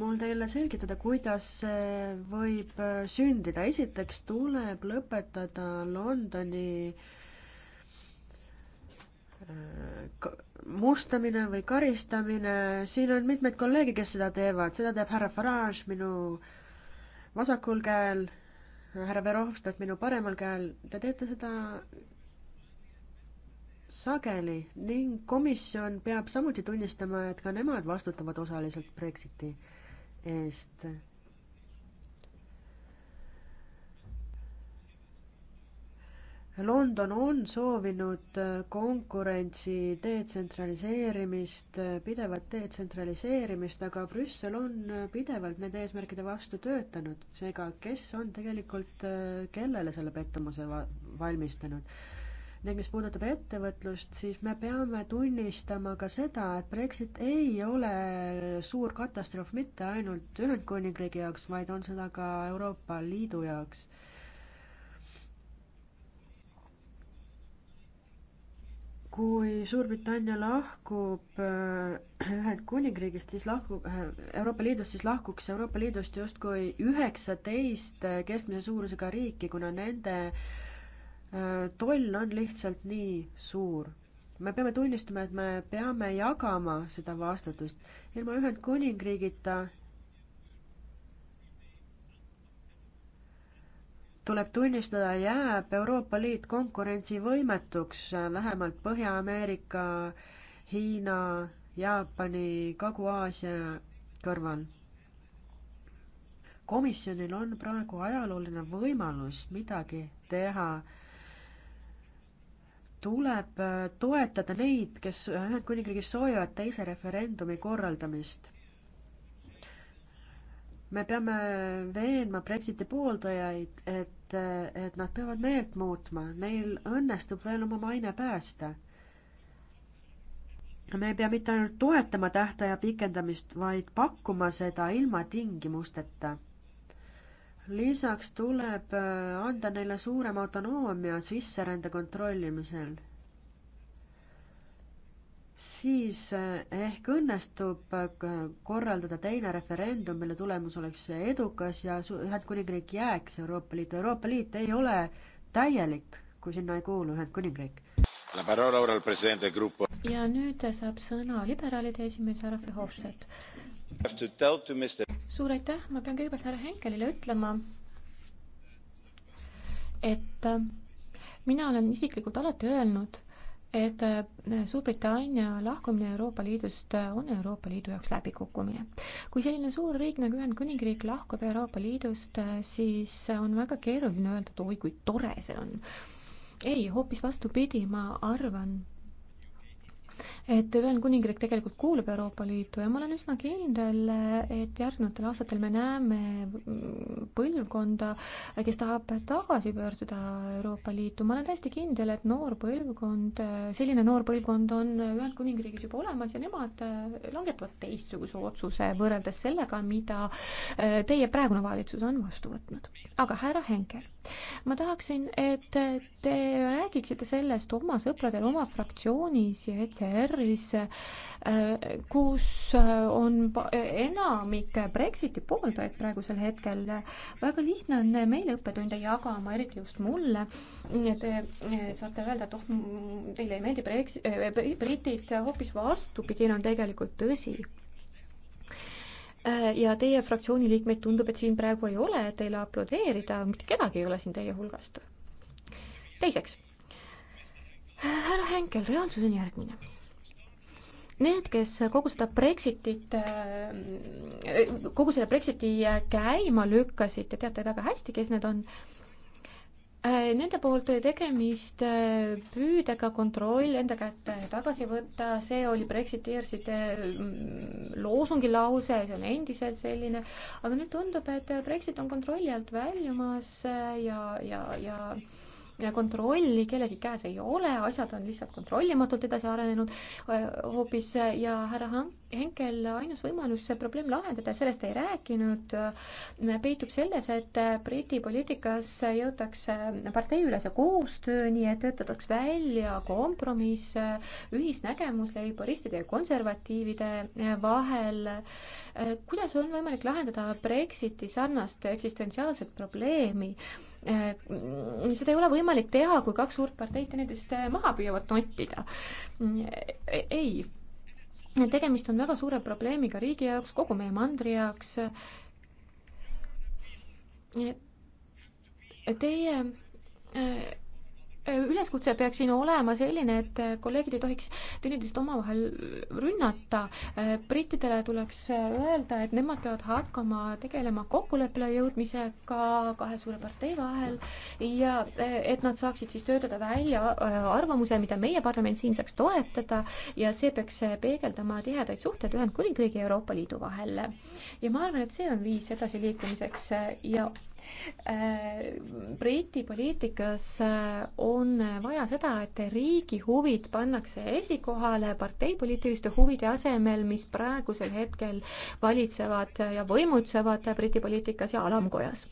mul teile selgitada, kuidas see võib äh, sündida. esiteks tuleb lõpetada Londoni äh, mustamine või karistamine, siin on mitmeid kolleege, kes seda teevad, seda teeb härra Farage minu vasakul käel, härra Verhofstadt minu paremal käel, te teete seda sageli ning komisjon peab samuti tunnistama, et ka nemad vastutavad osaliselt Brexiti eest London on soovinud äh, konkurentsi detsentraliseerimist, äh, pidevat detsentraliseerimist, aga Brüssel on äh, pidevalt nende eesmärkide vastu töötanud. seega, kes on tegelikult kellele selle pettumuse va-, valmistanud? ning mis puudutab ettevõtlust, siis me peame tunnistama ka seda, et Brexit ei ole suur katastroof mitte ainult Ühendkuningriigi jaoks, vaid on seda ka Euroopa Liidu jaoks kui Suurbritannia lahkub äh, Ühendkuningriigist, siis lahkub äh, Euroopa Liidust, siis lahkuks Euroopa Liidust justkui üheksateist äh, keskmise suurusega riiki, kuna nende toll on lihtsalt nii suur. me peame tunnistama, et me peame jagama seda vastutust. ilma Ühendkuningriigita tuleb tunnistada, jääb Euroopa Liit konkurentsivõimetuks vähemalt Põhja-Ameerika, Hiina, Jaapani, Kagu-Aasia kõrval. komisjonil on praegu ajalooline võimalus midagi teha tuleb äh, toetada neid, kes Ühendkuningriigis soovivad teise referendumi korraldamist. me peame veenma Brexiti pooldajaid, et et, et nad peavad meelt muutma, neil õnnestub veel oma maine päästa. me ei pea mitte ainult toetama tähtaja pikendamist, vaid pakkuma seda ilma tingimusteta. lisaks tuleb äh, anda neile suurem autonoomia sisserände kontrollimisel siis eh, ehk õnnestub eh, korraldada teine referendum, mille tulemus oleks edukas ja Ühendkuningriik jääks Euroopa Liitu. Euroopa Liit ei ole täielik, kui sinna ei kuulu Ühendkuningriik. ja nüüd saab sõna liberaalide esimees härra Verhofstadt. suur aitäh, ma pean kõigepealt härra Henkelile ütlema, et mina olen isiklikult alati öelnud, et äh, Suurbritannia lahkumine Euroopa Liidust äh, on Euroopa Liidu jaoks läbikukkumine. kui selline suur riik nagu Ühendkuningriik lahkub Euroopa Liidust, äh, siis on väga keeruline öelda, et oi kui tore see on. ei, hoopis vastupidi, ma arvan, et Ühendkuningriik tegelikult kuulub Euroopa Liitu ja ma olen üsna kindel, et järgnevatel aastatel me näeme põlvkonda, kes tahab tagasi pöörduda Euroopa Liitu. ma olen täiesti kindel, et noor põlvkond, selline noor põlvkond on Ühendkuningriigis juba olemas ja nemad langetavad teistsuguse otsuse võrreldes sellega, mida teie praegune valitsus on vastu võtnud. aga härra Henkel, ma tahaksin, et te räägiksite sellest oma sõpradele, oma fraktsioonis ja et see ECR-is, äh, kus äh, on enamik Brexiti pooldajaid praegusel hetkel. väga lihtne on meile õppetunde jagama, eriti just mulle. Te äh, saate öelda, et oh, teile ei meeldi Brexit, britid, hoopis vastupidine on tegelikult tõsi ja teie fraktsiooni liikmeid tundub, et siin praegu ei ole teile aplodeerida, mitte kedagi ei ole siin teie hulgast. teiseks, härra Henkel, reaalsus on järgmine Need, kes kogu seda Brexitit, äh, kogu selle Brexiti äh, käima lükkasid, te teate väga hästi, kes need on, äh, Nende poolt oli tegemist püüdega kontroll enda kätte tagasi võtta, see oli Brexiteerside mm, loosungi lause, see on endiselt selline, aga nüüd tundub, et Brexit on kontrolli alt väljumas ja, ja, ja kontrolli kellegi käes ei ole, asjad on lihtsalt kontrollimatult edasi arenenud hoopis äh, ja härra Henkel, ainus võimalus see probleem lahendada, sellest ei rääkinud, äh, peitub selles, et äh, Briti poliitikas jõutakse parteiülese koostööni, et töötatakse välja kompromiss, ühisnägemus leiboristide ja konservatiivide vahel. kuidas on võimalik lahendada Brexiti sarnast eksistentsiaalset probleemi? Äh, seda ei ole võimalik teha, kui kaks suurt parteid teineteist äh, maha püüavad nottida. Äh, ei, tegemist on väga suure probleemiga riigi jaoks, kogu meie mandri jaoks. Teie üleskutse peaks siin olema selline, et kolleegid ei tohiks teineteist omavahel rünnata. brittidele tuleks öelda, et nemad peavad hakkama tegelema kokkuleppele jõudmisega kahe suure partei vahel ja et nad saaksid siis töötada välja äh, arvamuse, mida meie parlament siin saaks toetada ja see peaks peegeldama tihedaid suhteid Ühendkuningriigi ja Euroopa Liidu vahel. ja ma arvan, et see on viis edasiliikumiseks ja Äh, Briti poliitikas äh, on vaja seda, et riigi huvid pannakse esikohale parteipoliitiliste huvide asemel, mis praegusel hetkel valitsevad ja võimutsevad Briti poliitikas ja alamkojas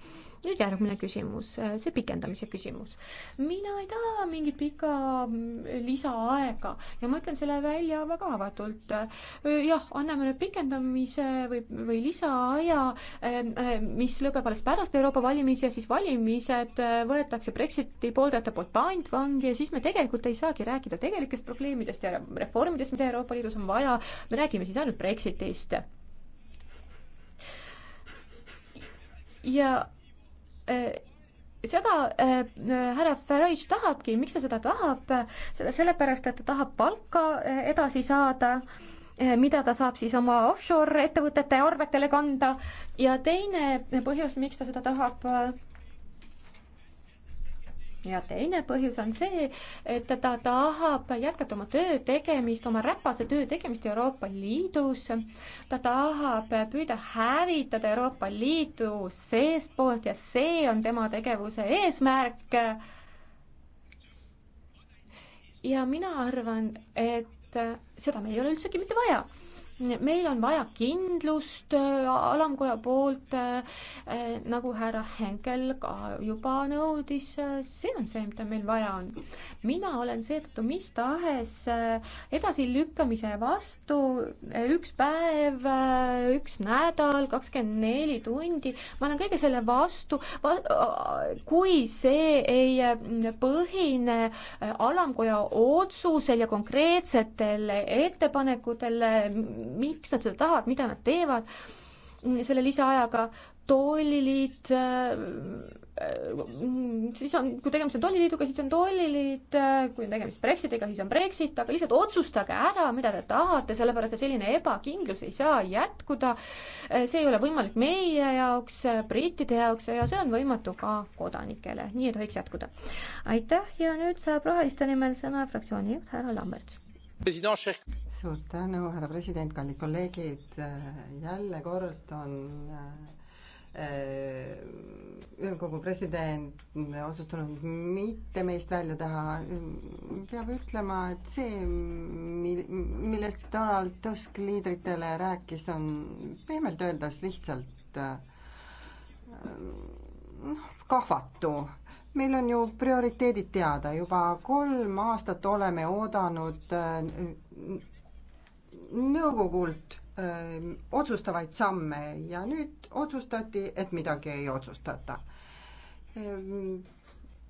nüüd järgmine küsimus, äh, see pikendamise küsimus. mina ei taha mingit pika mm, lisaaega ja ma ütlen selle välja väga avatult. Äh, jah, anname nüüd pikendamise või, või lisaaja, ähm, äh, mis lõpeb alles pärast Euroopa valimisi ja siis valimised võetakse Brexiti pooldajate poolt pantvangi ja siis me tegelikult ei saagi rääkida tegelikest probleemidest ja reformidest, mida Euroopa Liidus on vaja, me räägime siis ainult Brexitist ja Äh, seda äh, härra Farage tahabki, miks ta seda tahab, sellepärast, et ta tahab palka äh, edasi saada äh,, mida ta saab siis oma offshore ettevõtete arvetele kanda ja teine põhjus, miks ta seda tahab äh,, ja teine põhjus on see, et ta tahab jätkata oma töö tegemist, oma räpase töö tegemist Euroopa Liidus. ta tahab püüda hävitada Euroopa Liidu seestpoolt ja see on tema tegevuse eesmärk. ja mina arvan, et seda meil ei ole üldsegi mitte vaja meil on vaja kindlust äh, alamkoja poolt, äh, äh, nagu härra Henkel ka juba nõudis, see on see, mida meil vaja on. mina olen seetõttu mis tahes edasilükkamise vastu, üks päev, üks nädal, kakskümmend neli tundi, ma olen kõige selle vastu, kui see ei põhine alamkoja otsusel ja konkreetsetel ettepanekutel, miks nad seda tahavad, mida nad teevad selle lisaajaga, tolliliit äh, siis on, kui tegemist on tolliliiduga, siis on tolliliit, äh, kui on tegemist Brexitiga, siis on Brexit, aga lihtsalt otsustage ära, mida te tahate, sellepärast et selline ebakindlus ei saa jätkuda. Äh, see ei ole võimalik meie jaoks, brittide jaoks ja see on võimatu ka kodanikele, nii ei tohiks jätkuda. aitäh ja nüüd saab roheliste nimel sõna fraktsiooni juht härra Lamberts suur tänu, härra president, kallid kolleegid, jälle kord on äh, ülemkogu president otsustanud mitte meist välja teha, peab ütlema, et see, millest Donald Tusk liidritele rääkis, on pehmelt öeldes lihtsalt äh, noh, kahvatu meil on ju prioriteedid teada, juba kolm aastat oleme oodanud äh, nõukogult öö, äh, otsustavaid samme ja nüüd otsustati, et midagi ei otsustata. Äh,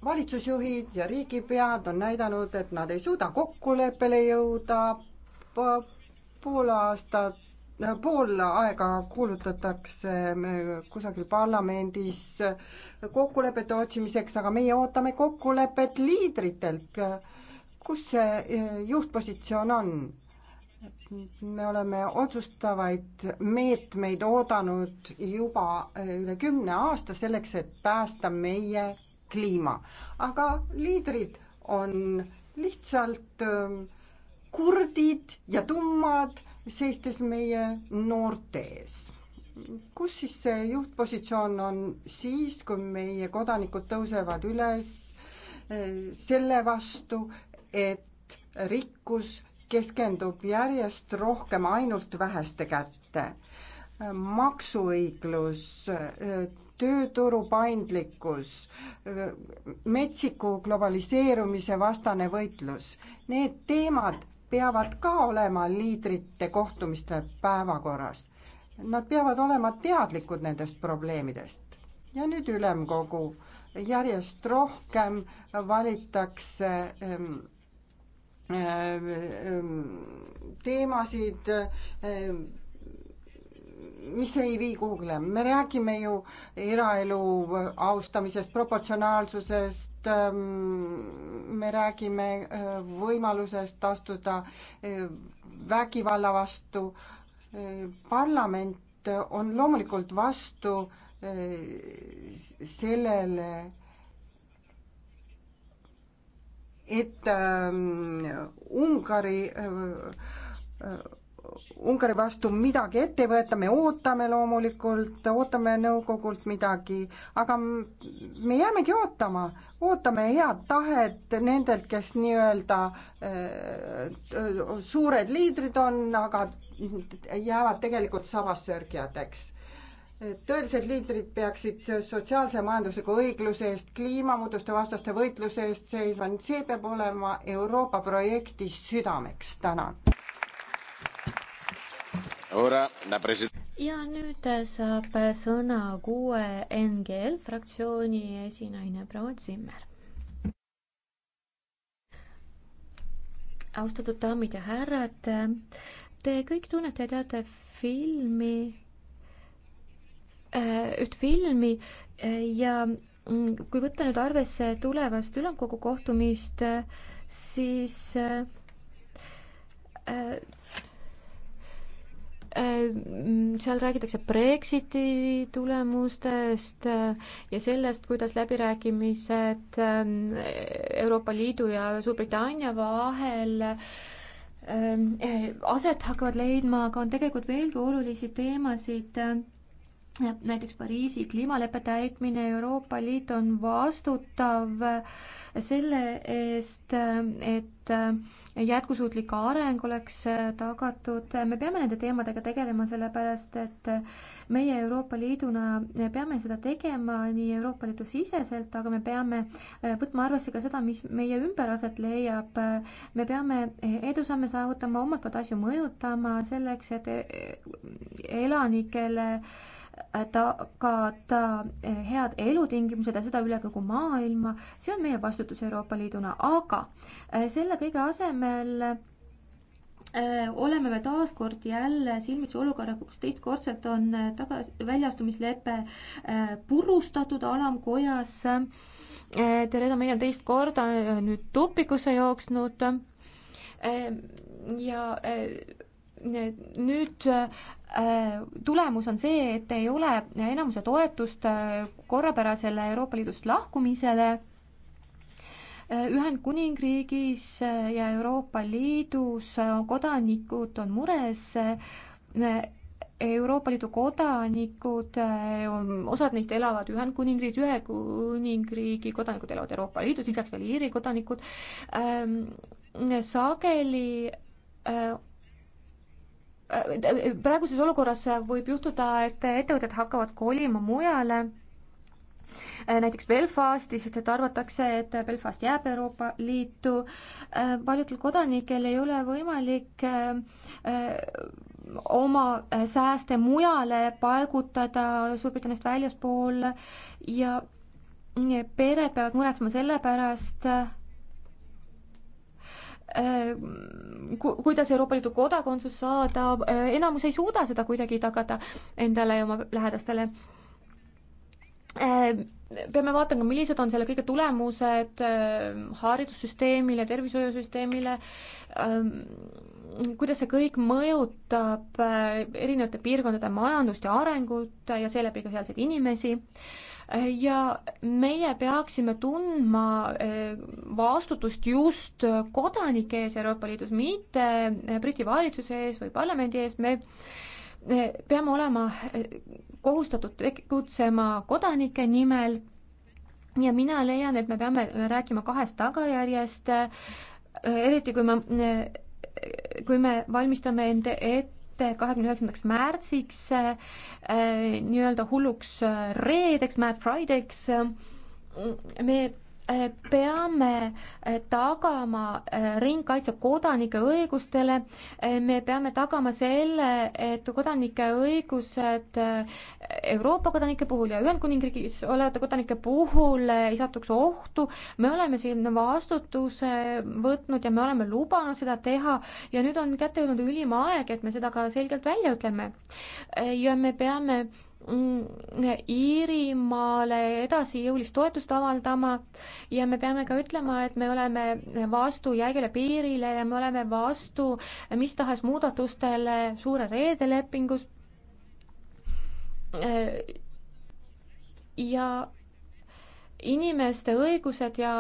valitsusjuhid ja riigipead on näidanud, et nad ei suuda kokkuleppele jõuda, pool aastat pool aega kuulutatakse kusagil parlamendis kokkulepete otsimiseks, aga meie ootame kokkulepet liidritelt. kus see eh, juhtpositsioon on? me oleme otsustavaid meetmeid oodanud juba eh, üle kümne aasta selleks, et päästa meie kliima, aga liidrid on lihtsalt eh, kurdid ja tummad seistes meie noorte ees kus siis see juhtpositsioon on siis, kui meie kodanikud tõusevad üles eh, selle vastu, et rikkus keskendub järjest rohkem ainult väheste kätte. maksuõiglus, tööturu paindlikkus, metsiku globaliseerumise vastane võitlus, need teemad peavad ka olema liidrite kohtumiste päevakorras. Nad peavad olema teadlikud nendest probleemidest. ja nüüd ülemkogu, järjest rohkem valitakse ähm, teemasid, ehm, mis ei vii kuhugile, me räägime ju eraelu austamisest, proportsionaalsusest, Ähm, me räägime äh, võimalusest astuda äh, vägivalla vastu. Äh, parlament on loomulikult vastu sellele, et ähm, Ungari Ungari vastu midagi ette ei võeta, me ootame loomulikult, ootame nõukogult midagi, aga me jäämegi ootama, ootame head tahet nendelt, kes nii-öelda äh, suured liidrid on, aga jäävad tegelikult sabassörgijateks tõelised liidrid peaksid sotsiaalse ja majandusliku õigluse eest, kliimamuutuste vastaste võitluse eest seisma, see peab olema Euroopa projekti südameks, tänan ja nüüd äh, saab äh, sõna kuue NGL fraktsiooni esinaine proua Zimmer. austatud daamid ja härrad, äh, te kõik tunnete ja teate filmi, üht filmi ja mm, kui võtta nüüd arvesse tulevast ülemkogu kohtumist, siis Äh, seal räägitakse Brexiti tulemustest äh, ja sellest, kuidas läbirääkimised äh, Euroopa Liidu ja Suurbritannia vahel aset hakkavad leidma, aga on tegelikult veelgi olulisi teemasid näiteks Pariisi kliimaleppe täitmine, Euroopa Liit on vastutav äh, selle eest, et jätkusuutlik areng oleks tagatud. me peame nende teemadega tegelema, sellepärast et meie Euroopa Liiduna peame seda tegema nii Euroopa Liidu siseselt, aga me peame võtma arvesse ka seda, mis meie ümber aset leiab. me peame edusamme saavutama, omalt poolt asju mõjutama selleks, et e-, elanikele tagada eh, head elutingimused ja seda üle kogu maailma, see on meie vastutus Euroopa Liiduna, aga eh, selle kõige asemel eh, oleme me taaskord jälle silmitsi olukorraga, kus teistkordselt on tagasi, väljaastumislepe purustatud alamkojas. Theresa May on teist korda nüüd tupikusse jooksnud ja nüüd äh, tulemus on see, et ei ole enamuse toetust äh, korrapärasele Euroopa Liidust lahkumisele. Äh, Ühendkuningriigis ja Euroopa Liidus kodanikud on mures. Euroopa Liidu kodanikud, osad neist elavad Ühendkuningriigis, Ühekuningriigi kodanikud elavad Euroopa Liidus, lisaks veel Iiri kodanikud. Ähm, sageli praeguses olukorras võib juhtuda, et ettevõtted hakkavad kolima mujale, näiteks Belfasti, sest et arvatakse, et Belfast jääb Euroopa Liitu. paljudel kodanikel ei ole võimalik eh, oma sääste mujale paigutada Suurbritanniast väljaspool ja pered peavad muretsema selle pärast, Äh, ku-, kuidas Euroopa Liidu kodakondsus saada, äh, enamus ei suuda seda kuidagi tagada endale ja oma lähedastele äh, peame vaatama, millised on selle kõige tulemused haridussüsteemile, tervishoiusüsteemile, kuidas see kõik mõjutab erinevate piirkondade majandust ja arengut ja seeläbi ka sealseid inimesi ja meie peaksime tundma eh, vastutust just kodanike ees Euroopa Liidus, mitte eh, Briti valitsuse ees või parlamendi ees, me eh, peame olema kohustatud tegutsema kodanike nimel ja mina leian, et me peame rääkima kahest tagajärjest, eriti kui me, kui me valmistame enda ette ette kahekümne üheksandaks märtsiks äh, äh nii-öelda hulluks äh, reedeks, Mad Friday'ks äh,. me Äh, peame äh, tagama äh, ringkaitse kodanike õigustele, me peame tagama selle, et kodanike õigused Euroopa kodanike puhul ja Ühendkuningriigis olevate kodanike puhul ei satuks ohtu, me oleme siin vastutuse võtnud ja me oleme lubanud seda teha ja nüüd on kätte jõudnud ülim aeg, et me seda ka selgelt välja ütleme. ja me peame Mm, Iirimaale edasi jõulist toetust avaldama ja me peame ka ütlema, et me oleme vastu jäigele piirile ja me oleme vastu mis tahes muudatustele Suure Reede lepingus. Äh, ja inimeste õigused ja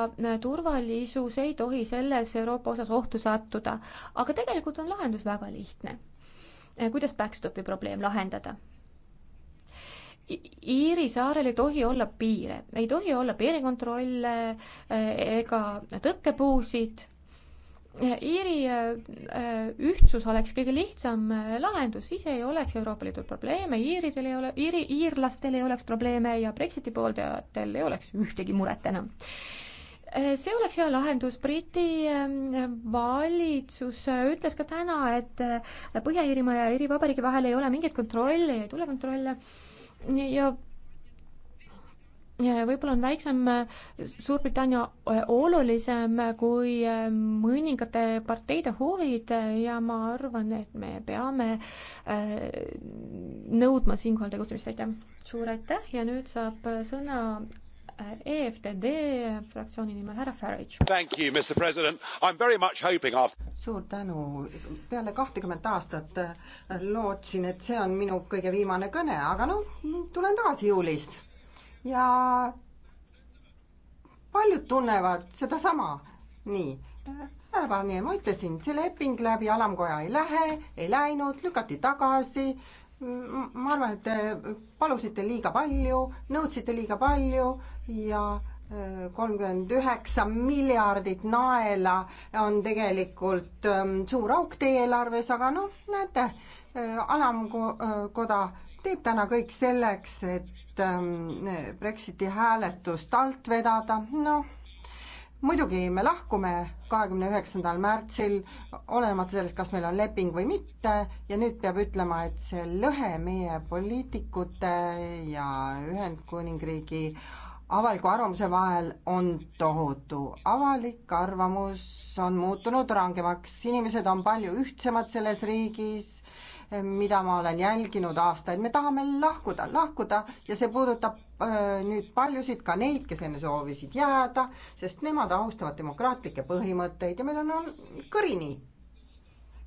turvalisus ei tohi selles Euroopa osas ohtu sattuda, aga tegelikult on lahendus väga lihtne. Äh, kuidas backstopi probleem lahendada? Iiri saarel ei tohi olla piire, ei tohi olla piirikontrolle eh, ega tõkkepuusid. Iiri eh, eh, ühtsus oleks kõige lihtsam lahendus, siis ei oleks Euroopa Liidul probleeme, iiridel ei ole, iiri, iirlastel ei oleks probleeme ja Brexiti pooldajatel ei oleks ühtegi muret enam see oleks hea lahendus, Briti valitsus ütles ka täna, et Põhja-Iirimaa ja Iiri Vabariigi vahel ei ole mingit kontrolli, ei tule kontrolle ja võib-olla on väiksem Suurbritannia äh, olulisem kui ähm, mõningate parteide huvid ja ma arvan, et me peame äh, nõudma siinkohal tegutsemist, aitäh! suur aitäh ja nüüd saab äh, sõna EFTD fraktsiooni nimel härra Farage. After... suur tänu, peale kahtekümmet aastat äh, lootsin, et see on minu kõige viimane kõne, aga noh, tulen tagasi juulis ja paljud tunnevad sedasama, nii härra Barnier, ma ütlesin, see leping läbi alamkoja ei lähe, ei läinud, lükati tagasi ma arvan, et te palusite liiga palju, nõudsite liiga palju ja äh, kolmkümmend üheksa miljardit naela on tegelikult ähm, suur auk teie eelarves, aga noh, näete, äh, alamkoda äh, teeb täna kõik selleks, et ähm, Brexiti hääletust alt vedada, noh muidugi me lahkume kahekümne üheksandal märtsil, olenemata sellest, kas meil on leping või mitte ja nüüd peab ütlema, et see lõhe meie poliitikute ja Ühendkuningriigi avaliku arvamuse vahel on tohutu. avalik arvamus on muutunud rangemaks, inimesed on palju ühtsemad selles riigis mida ma olen jälginud aastaid, me tahame lahkuda, lahkuda ja see puudutab äh, nüüd paljusid, ka neid, kes enne soovisid jääda, sest nemad austavad demokraatlikke põhimõtteid ja meil on olnud kõrini.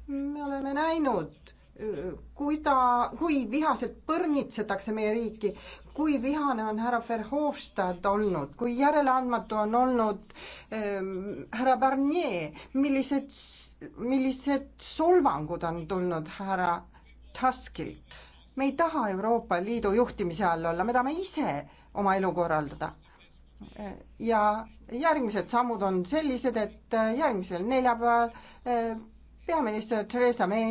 me oleme näinud, äh, kuida-, kui vihaselt põrnitsetakse meie riiki, kui vihane on härra Verhofstadt olnud, kui järeleandmatu on olnud ähm, härra Barnier, millised, millised solvangud on tulnud härra Tuskilt. me ei taha Euroopa Liidu juhtimise all olla, me tahame ise oma elu korraldada. ja järgmised sammud on sellised, et järgmisel neljapäeval eh, peaminister Theresa May